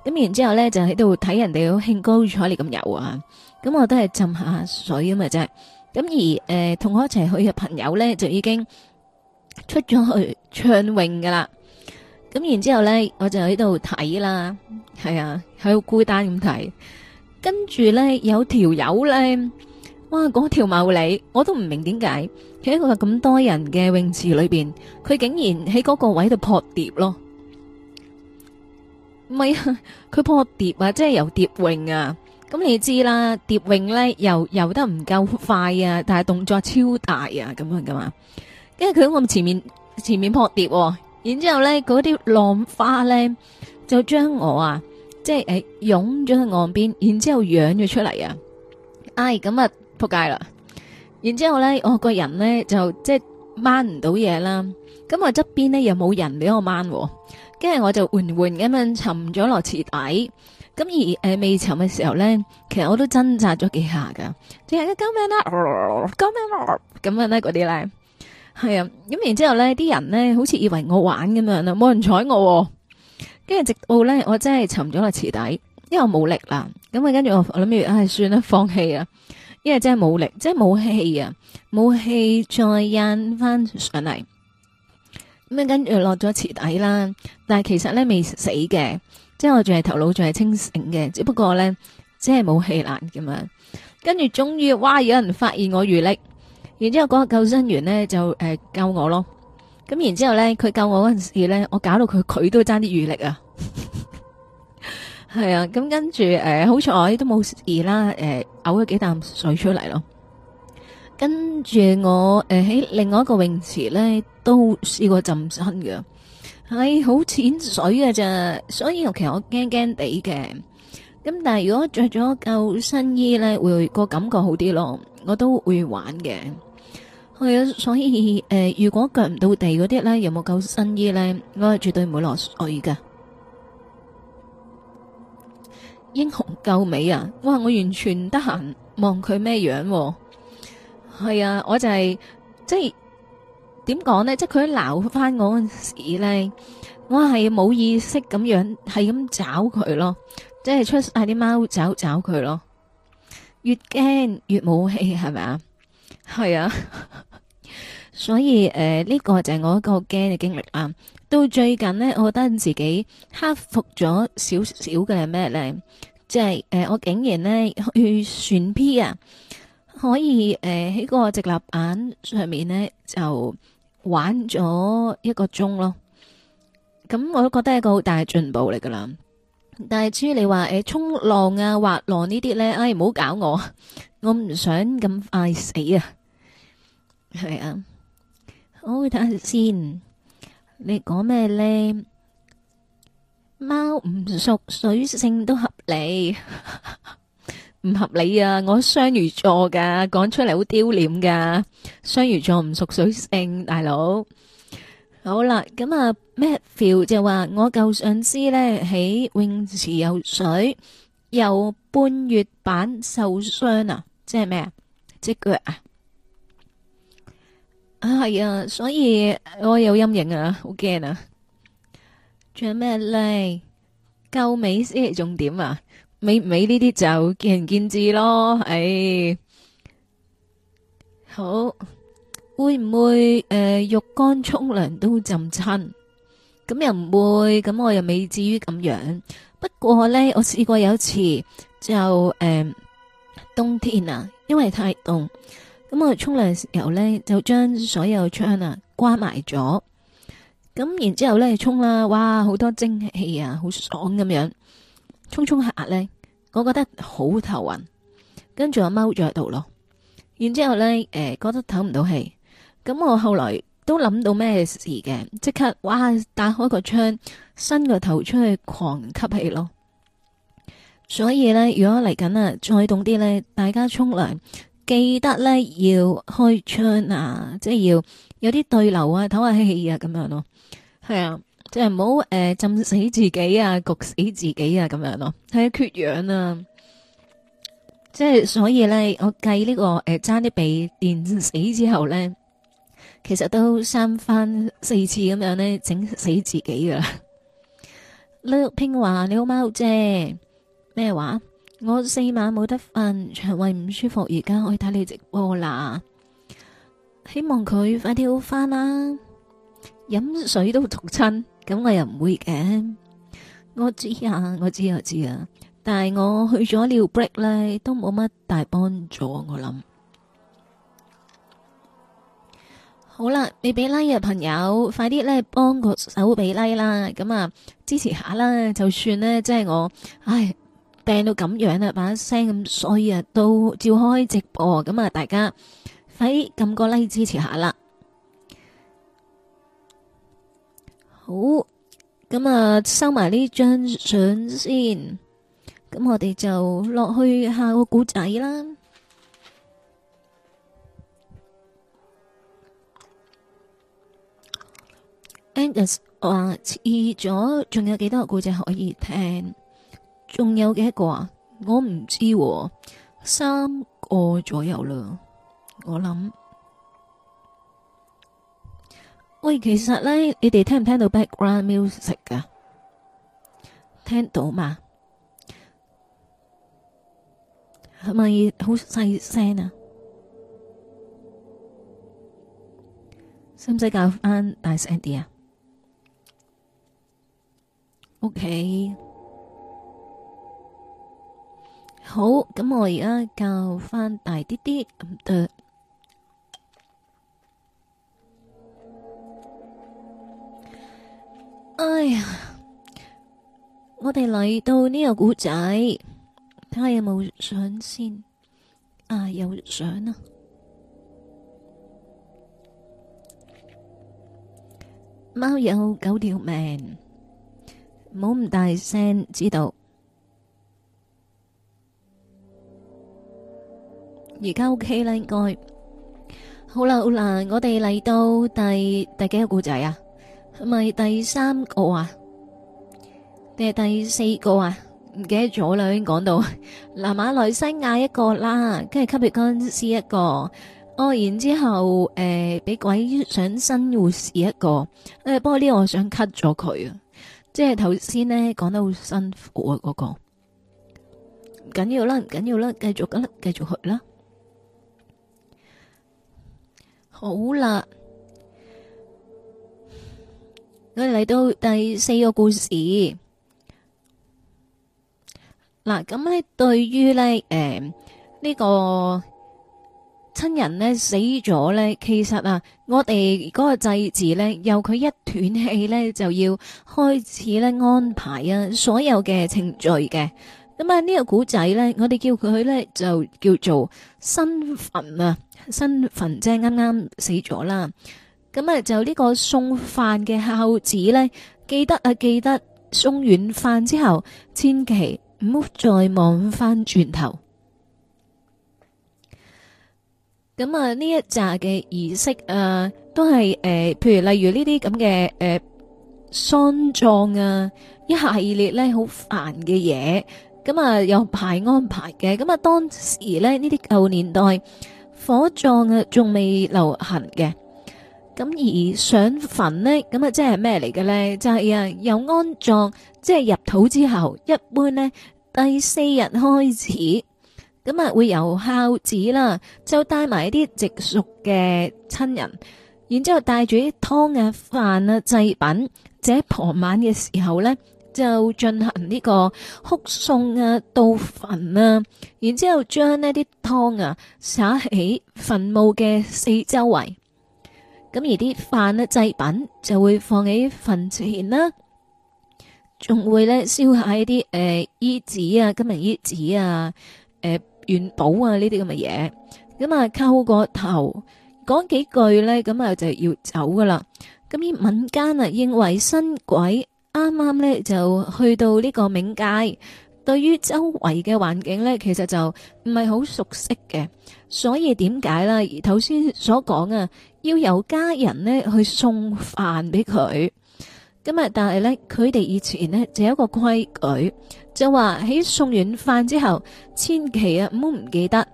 咁然之後咧就喺度睇人哋好興高采烈咁游啊，咁我都係浸下水咁嘅啫。咁而誒同我一齊去嘅朋友咧就已經。出咗去暢泳噶啦，咁然之後咧，我就喺度睇啦，係啊，喺度孤單咁睇。跟住呢，有條友呢，哇，嗰條茂利我都唔明點解，喺一個咁多人嘅泳池裏邊，佢竟然喺嗰個位度撲蝶咯。唔係啊，佢撲蝶啊，即係游蝶泳啊。咁你知啦，蝶泳呢，又游，游得唔夠快啊，但係動作超大啊，咁樣噶嘛。因為佢喺我前面，前面撲跌，哦，然之後咧，嗰啲浪花咧就將我啊，即係誒湧咗去岸邊，然之後揚咗出嚟啊。哎，咁啊撲街啦！然之後咧，我個人咧就即係掹唔到嘢啦。咁啊，側邊咧又冇人俾我掹，跟住我就緩緩咁樣沉咗落池底。咁而誒、呃、未沉嘅時候咧，其實我都掙扎咗幾下噶，淨係一咁樣啦，咁樣咁樣咧嗰啲咧。係啊，咁然之後咧，啲人咧好似以為我玩咁樣啦，冇人睬我，啊，跟住直到咧，我真係沉咗落池底，因為我冇力啦。咁啊，跟住我，我諗住唉，算啦，放棄啦，因為真係冇力，真係冇氣啊，冇氣再印翻上嚟。咁啊，跟住落咗池底啦，但係其實咧未死嘅，即係我仲係頭腦仲係清醒嘅，只不過咧即係冇氣啦咁樣。跟住終於，哇！有人發現我遇溺。然之後嗰個救生員咧就誒、呃、救我咯，咁然之後咧佢救我嗰陣時咧，我搞到佢佢都爭啲餘力 啊，係啊，咁跟住誒好彩都冇事啦，誒嘔咗幾啖水出嚟咯，跟住我誒喺、呃、另外一個泳池咧都試過浸身嘅，係、哎、好淺水嘅咋，所以其實我驚驚地嘅，咁但係如果着咗救生衣咧會個感覺好啲咯，我都會玩嘅。係啊，嗯，所以誒、呃，如果腳唔到地嗰啲咧，有冇救生衣咧？我係絕對唔會落水嘅。英雄救美啊！哇，我完全得閒望佢咩樣，啊？係啊，我就係、是、即係點講呢？即係佢鬧翻我嗰時咧，我係冇意識咁樣，係咁找佢咯，即係出晒啲貓找找佢咯。越驚越冇氣，係咪啊？係是啊， 所以誒呢、呃，這個就係我一個驚嘅經歷啊，到最近呢，我覺得自己克服咗少少嘅咩咧，即係誒、呃、我竟然呢去船 P 啊，可以誒喺、呃、個直立板上面呢就玩咗一個鐘咯。咁我都覺得係一個好大進步嚟噶啦。但係至於你話誒衝浪啊滑浪些呢啲咧，哎唔好搞我，我唔想咁快死啊！係啊，我睇下先，你講咩咧？貓唔屬水性都合理，唔合理啊！我雙魚座噶，講出嚟好丟臉噶。雙魚座唔屬水性，大佬。好啦，咁啊，Matthew 就話我舊上司咧喺泳池游水，右半月板受傷啊，即係咩啊？隻腳啊？係啊,啊，所以我有陰影啊，好驚啊。仲有咩咧？救美先係重點啊，美美呢啲就見仁見智咯。唉、哎，好會唔會誒、呃，浴缸沖涼都浸親？咁又唔會，咁我又未至於咁樣。不過咧，我試過有一次就誒、呃，冬天啊，因為太凍。咁我沖涼時候呢，就將所有窗啊關埋咗。咁然之後呢沖啦，哇好多蒸汽啊，好爽咁樣。沖沖下壓呢我覺得好頭暈，跟住我踎咗喺度咯。然之後呢誒、呃、覺得唞唔到氣，咁我後來都諗到咩事嘅，即刻哇打開個窗，伸個頭出去狂吸氣咯。所以呢，如果嚟緊啊再凍啲呢，大家沖涼。記得咧，要開窗啊，即係要有啲對流啊，唞下氣啊，咁樣咯、啊。係啊，即係唔好誒，浸死自己啊，焗死自己啊，咁樣咯。係啊，缺氧啊，即係所以咧，我計呢、呢個誒，爭啲被電死之後咧，其實都三番四次咁樣咧，整死自己噶啦。劉 拼話你好，好，貓姐？咩話？我四晚冇得瞓，腸胃唔舒服，而家可以睇你直播啦。希望佢快啲好翻啦。飲水都毒親，咁我又唔會嘅。我知啊，我知啊，我知啊。但係我去咗尿 break 咧，都冇乜大幫助。我諗好啦，未俾 like 嘅朋友，快啲咧幫個手俾 like 啦。咁啊，支持下啦。就算咧，即係我唉。訂到咁樣啦，把聲咁衰啊，都照開直播咁啊，大家快撳個 like 支持下啦！好，咁啊收埋呢張相先，咁我哋就落去下個古仔啦。Angus 話：試咗，仲有幾多個古仔可以聽？仲有幾一個啊？我唔知，三個左右啦。我諗，喂，其實咧，你哋聽唔聽到 background music 噶？聽到嘛？係咪好細聲啊？使唔使搞返大聲啲啊？OK。好，咁我而家教翻大啲啲。咁得。哎呀，我哋嚟到呢個古仔，睇下有冇相先。啊，有相啊。貓有九條命，唔好咁大聲，知道。而家 OK 啦，應該好啦。嗱，我哋嚟到第第幾個故仔啊？係咪第三個啊？定係第四個啊？唔記得咗啦，已經講到嗱， 馬來西亞一個啦，跟住吸血僵屍一個，哦，然之後誒，俾、呃、鬼上身護士一個，誒、呃，不過呢個我想 cut 咗佢啊，即係頭先呢講得好辛苦啊嗰、那個，唔緊要啦，唔緊要啦，繼續緊啦，繼續去啦。好啦，我哋嚟到第四個故事嗱。咁呢，對於呢，誒呢個親人呢，死咗呢，其實啊，我哋嗰個祭祀呢，由佢一斷氣呢，就要開始呢安排啊，所有嘅程序嘅。咁啊，呢個古仔咧，我哋叫佢咧就叫做新墳啊，新墳即係啱啱死咗啦。咁啊，就呢個送飯嘅孝子咧，記得啊，記得送完飯之後，千祈唔好再望翻轉頭。咁啊，呢一紮嘅儀式啊，都係誒，譬如例如呢啲咁嘅誒喪葬啊，一系列咧好煩嘅嘢。咁啊，有排安排嘅。咁啊，當時咧呢啲舊年代火葬啊，仲未流行嘅。咁而上墳呢，咁啊，即係咩嚟嘅咧？就係啊，有安葬，即係入土之後，一般呢，第四日開始，咁啊，會由孝子啦，就帶埋一啲直屬嘅親人，然之後帶住啲湯啊、飯啊祭品，在傍晚嘅時候咧。就進行呢個哭送啊，到墳啊，然之後將呢啲湯啊撒喺墳墓嘅四周圍，咁而啲飯呢、啊、祭品就會放喺墳前啦、啊，仲會咧燒下一啲誒、呃、衣紙啊、金銀衣紙啊、誒元寶啊呢啲咁嘅嘢，咁啊叩個頭講幾句咧，咁、嗯、啊就要走噶啦。咁、嗯、而民間啊認為新鬼。啱啱咧就去到呢個冥界，對於周圍嘅環境呢，其實就唔係好熟悉嘅，所以點解啦？而頭先所講啊，要有家人呢去送飯俾佢，咁啊，但係咧佢哋以前呢，就有一個規矩，就話喺送完飯之後，千祈啊唔好唔記得，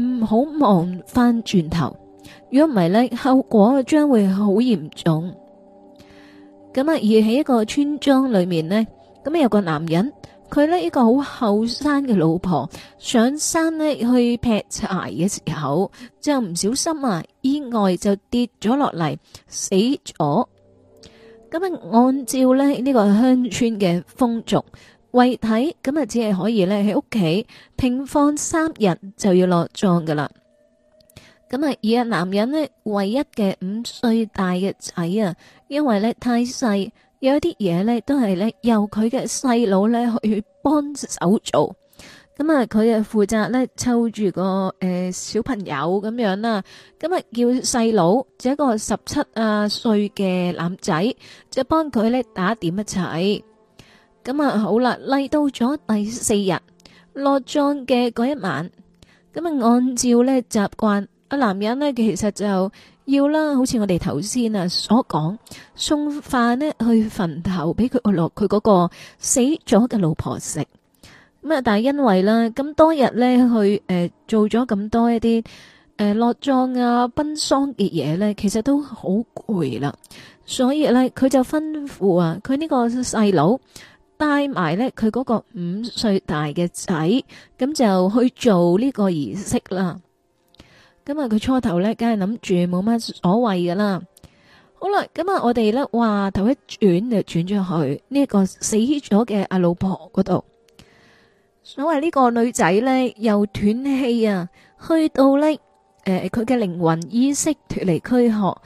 唔好望翻轉頭，如果唔係咧，後果將會好嚴重。咁啊，而喺一個村莊裏面呢，咁啊有個男人，佢呢一個好後生嘅老婆上山呢去劈柴嘅時候，就唔小心啊意外就跌咗落嚟死咗。咁啊，按照呢呢個鄉村嘅風俗，遺體咁啊只係可以呢喺屋企停放三日就要落葬噶啦。咁啊，而啊男人呢，唯一嘅五歲大嘅仔啊。因為咧，太細，有一啲嘢咧都係咧由佢嘅細佬咧去幫手做。咁啊，佢啊負責咧湊住個誒、呃、小朋友咁樣啦。咁啊叫細佬，即係、一個十七啊歲嘅男仔，就係幫佢咧打點一切。咁啊好啦，嚟到咗第四日落葬嘅嗰一晚，咁啊按照咧習慣，阿男人咧其實就。要啦，好似我哋頭先啊所講，送飯呢去墳頭俾佢落佢嗰個死咗嘅老婆食。咁啊，但係因為啦，咁多日咧去誒做咗咁多一啲誒落葬啊、奔喪嘅嘢咧，其實都好攰啦。所以咧，佢就吩咐啊，佢呢個細佬帶埋咧佢嗰個五歲大嘅仔，咁就去做呢個儀式啦。咁啊，佢初頭呢梗係諗住冇乜所謂噶啦。好啦，咁啊，我哋呢話頭一轉就轉咗去呢個死咗嘅阿老婆嗰度。所謂呢個女仔呢，又斷氣啊，去到呢，誒、呃，佢嘅靈魂意識脫離軀殼，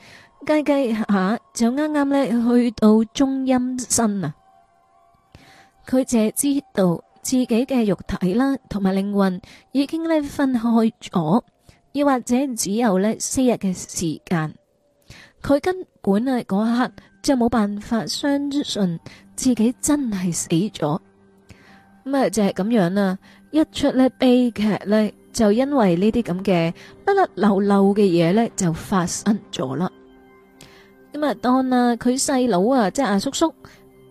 計計下就啱啱呢去到中陰身啊。佢淨係知道自己嘅肉體啦，同埋靈魂已經呢分開咗。又或者只有呢四日嘅時間，佢根本啊嗰一刻就冇辦法相信自己真係死咗，咁啊就係咁樣啦。一出呢悲劇呢，就因為呢啲咁嘅甩甩漏漏嘅嘢呢，就發生咗啦。咁啊，當啊佢細佬啊，即係阿叔叔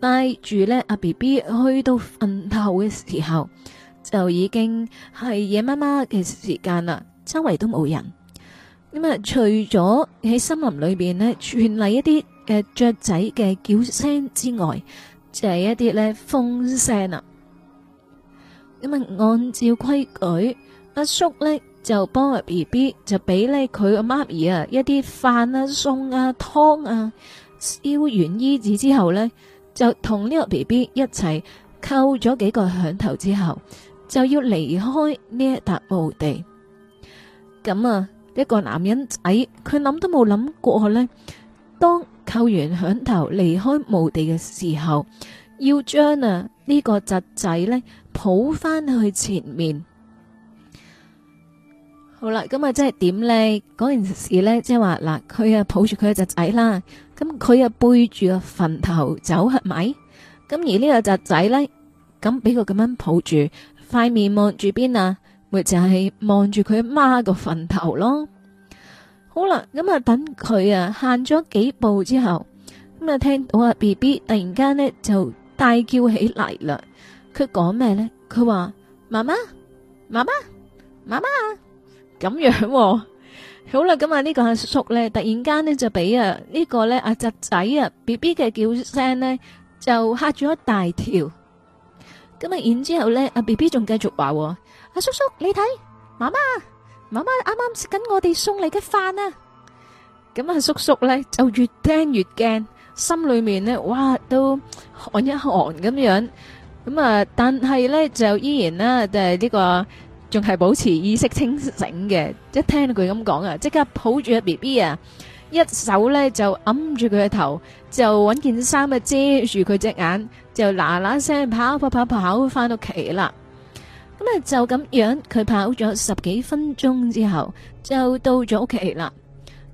帶住呢阿 B B 去到瞓覺嘅時候，就已經係夜媽媽嘅時間啦。周圍都冇人，咁啊，除咗喺森林裏邊咧，傳嚟一啲嘅雀仔嘅叫聲之外，係一啲咧風聲啦。咁啊，按照規矩，阿叔咧就幫個 B B 就俾咧佢阿媽咪啊一啲飯啊、餸啊、湯啊燒完衣紙之後咧，就同呢個 B B 一齊叩咗幾個響頭之後，就要離開呢一笪墓地。咁啊，一個男人仔，佢諗都冇諗過呢。當叩完響頭離開墓地嘅時候，要將啊呢個侄仔呢抱翻去前面。好啦，咁啊即係點呢？嗰件事呢，即係話嗱，佢啊抱住佢嘅侄仔啦，咁佢啊背住個墳頭走係咪？咁而呢個侄仔呢，咁俾佢咁樣抱住，塊面望住邊啊？就係望住佢阿媽個墳頭咯。好啦，咁啊等佢啊行咗幾步之後，咁啊聽到阿 B B 突然間呢就大叫起嚟啦。佢講咩呢？佢話媽媽，媽媽，媽媽，咁樣，哦。好啦，咁、這、啊、個、呢個阿叔咧突然間就、啊這個、呢就俾啊呢個咧阿侄仔啊 B B 嘅叫聲呢就吓咗一大跳。咁啊然之後呢，阿 B B 仲繼續話。阿叔叔，你睇，媽媽，媽媽啱啱食緊我哋送嚟嘅飯啊！咁啊，叔叔咧就越聽越驚，心裏面咧哇都寒一寒咁樣。咁啊，但係咧就依然咧就係呢個仲係保持意識清醒嘅。一聽到佢咁講啊，即刻抱住阿 BB 啊，一手咧就揞住佢嘅頭，就揾件衫啊遮住佢隻眼，就嗱嗱聲跑跑跑跑翻到屋企啦。咁啊，就咁樣，佢跑咗十幾分鐘之後，就到咗屋企啦。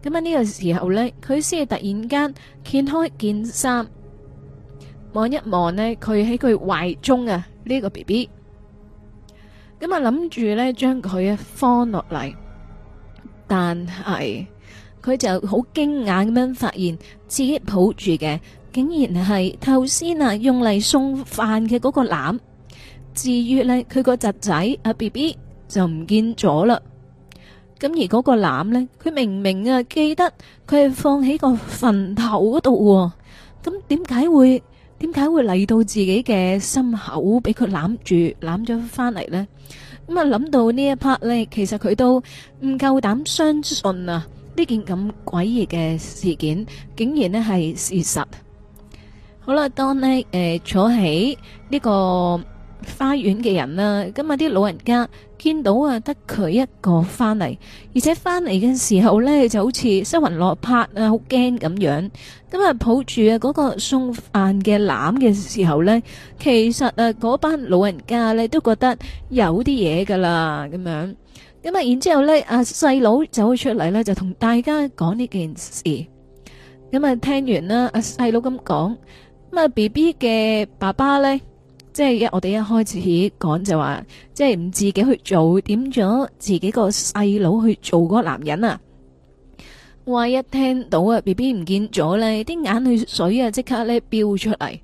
咁啊，呢個時候呢，佢先係突然間掀開件衫，望一望呢，佢喺佢懷中啊、這個、BB 呢個 B B。咁啊，諗住呢將佢啊放落嚟，但係佢就好驚訝咁樣發現，自己抱住嘅竟然係頭先啊用嚟送飯嘅嗰個籃。至於呢，佢個侄仔阿 BB 就唔見咗啦。咁而嗰個籃呢，佢明明啊記得佢係放喺個墳頭嗰度，咁點解會點解會嚟到自己嘅心口俾佢攬住攬咗翻嚟呢？咁啊諗到呢一 part 呢，其實佢都唔夠膽相信啊！呢件咁詭異嘅事件竟然呢係事實。好啦，當呢誒坐喺呢個。花園嘅人啦，咁啊啲老人家見到啊得佢一個翻嚟，而且翻嚟嘅時候呢，就好似失魂落魄啊，好驚咁樣。咁啊抱住啊嗰個送飯嘅籃嘅時候呢，其實啊嗰班老人家呢，都覺得有啲嘢噶啦咁樣。咁啊然之後呢阿細佬走咗出嚟，呢，就同大家講呢件事。咁啊聽完啦、啊，阿細佬咁講，咁啊 B B 嘅爸爸呢。即係一我哋一開始講就話，即係唔自己去做，點咗自己個細佬去做嗰個男人啊！哇！一聽到啊，B B 唔見咗，呢啲眼淚水啊即刻咧飆出嚟。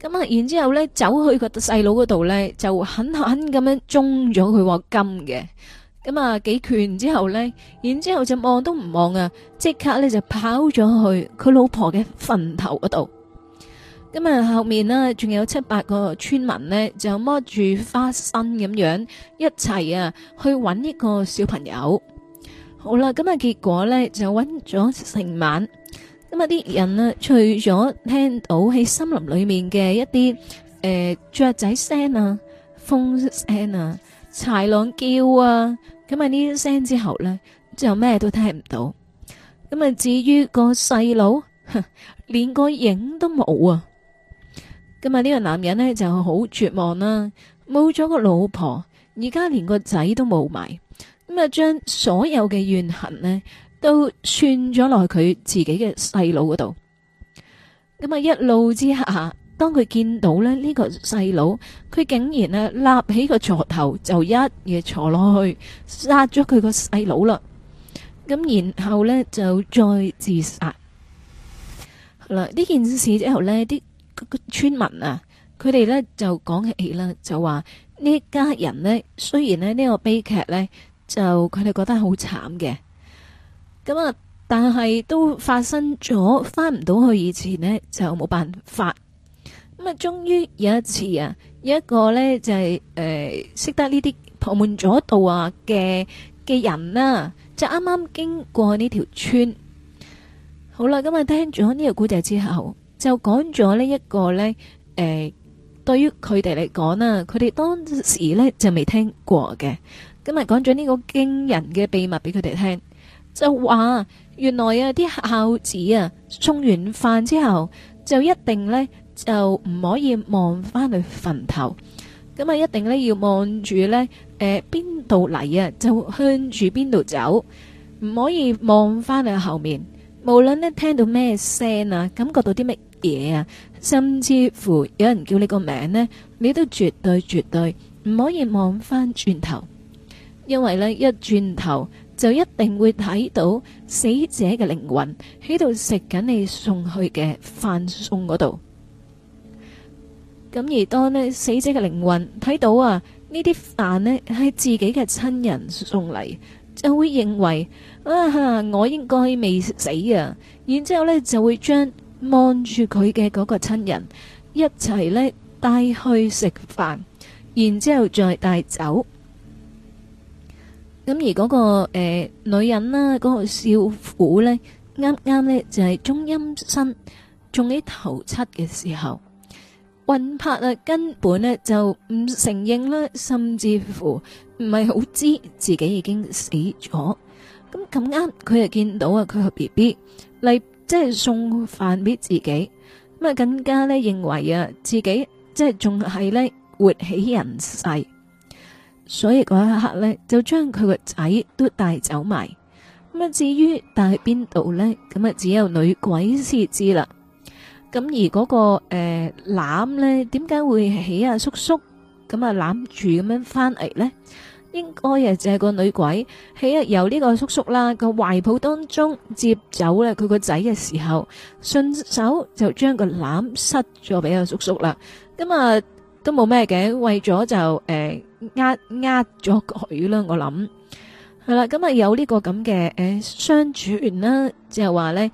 咁啊，然之後呢，走去個細佬嗰度呢，就狠狠咁樣中咗佢鑊金嘅。咁啊，幾拳之後呢，然之後就望都唔望啊，即刻呢，就跑咗去佢老婆嘅墳頭嗰度。咁啊，後面咧仲有七八個村民咧，就摸住花生咁樣一齊啊去揾一個小朋友。好啦，咁啊結果咧就揾咗成晚。咁啊啲人啊，除咗聽到喺森林裏面嘅一啲誒雀仔聲啊、風聲啊、豺狼叫啊，咁啊呢啲聲之後咧，就咩都聽唔到。咁啊至於個細佬，連個影都冇啊！咁啊！呢個男人呢就好絕望啦，冇咗個老婆，而家連個仔都冇埋，咁啊將所有嘅怨恨，呢都算咗落佢自己嘅細佬嗰度。咁啊一怒之下，當佢見到呢個細佬，佢竟然呢立起個鋤頭就一嘢鋤落去殺咗佢個細佬啦。咁然後呢，就再自殺。嗱，呢件事之後呢。啲。個村民啊，佢哋咧就講起啦，就話呢家人呢，雖然咧呢個悲劇呢，就佢哋覺得好慘嘅，咁啊，但係都發生咗，翻唔到去以前呢，就冇辦法。咁啊，終於有一次啊，有一個呢，就係、是、誒、呃、識得呢啲旁門左道的的啊嘅嘅人啦，就啱啱經過呢條村。好啦，咁啊聽咗呢個古仔之後。就講咗呢一個咧，誒對於佢哋嚟講啊，佢哋當時咧就未聽過嘅。咁啊講咗呢個驚人嘅秘密俾佢哋聽，就話原來啊啲孝子啊送完飯之後就一定咧就唔可以望翻去墳頭，咁啊一定咧要望住咧誒邊度嚟啊，就向住邊度走，唔可以望翻去後面，無論咧聽到咩聲啊，感覺到啲咩。嘢啊，甚至乎有人叫你個名呢，你都絕對絕對唔可以望翻轉頭，因為呢一轉頭就一定會睇到死者嘅靈魂喺度食緊你送去嘅飯餸嗰度。咁而當呢死者嘅靈魂睇到啊呢啲飯呢係自己嘅親人送嚟，就會認為啊我應該未死啊，然之後呢就會將。望住佢嘅嗰個親人，一齊咧帶去食飯，然之後再帶走。咁而嗰個誒女人啦，嗰個少婦咧，啱啱咧就係中陰身，仲喺頭七嘅時候，魂魄啊根本咧就唔承認啦，甚至乎唔係好知自己已經死咗。咁咁啱佢又見到啊，佢個 BB 嚟。即係送飯俾自己，咁啊更加咧，認為啊自己即係仲係咧活喺人世，所以嗰一刻咧就將佢個仔都帶走埋。咁啊至於帶去邊度咧，咁啊只有女鬼先知啦。咁而嗰個誒攬咧，點解會起阿叔叔咁啊攬住咁樣翻嚟咧？應該誒就係個女鬼喺由呢個叔叔啦個懷抱當中接走咧佢個仔嘅時候，順手就將個籃塞咗俾個叔叔啦。咁、嗯、啊都冇咩嘅，為咗就誒呃呃咗個雨啦。我諗係啦，咁、嗯、啊、嗯嗯嗯、有呢個咁嘅誒相傳啦，就係話咧。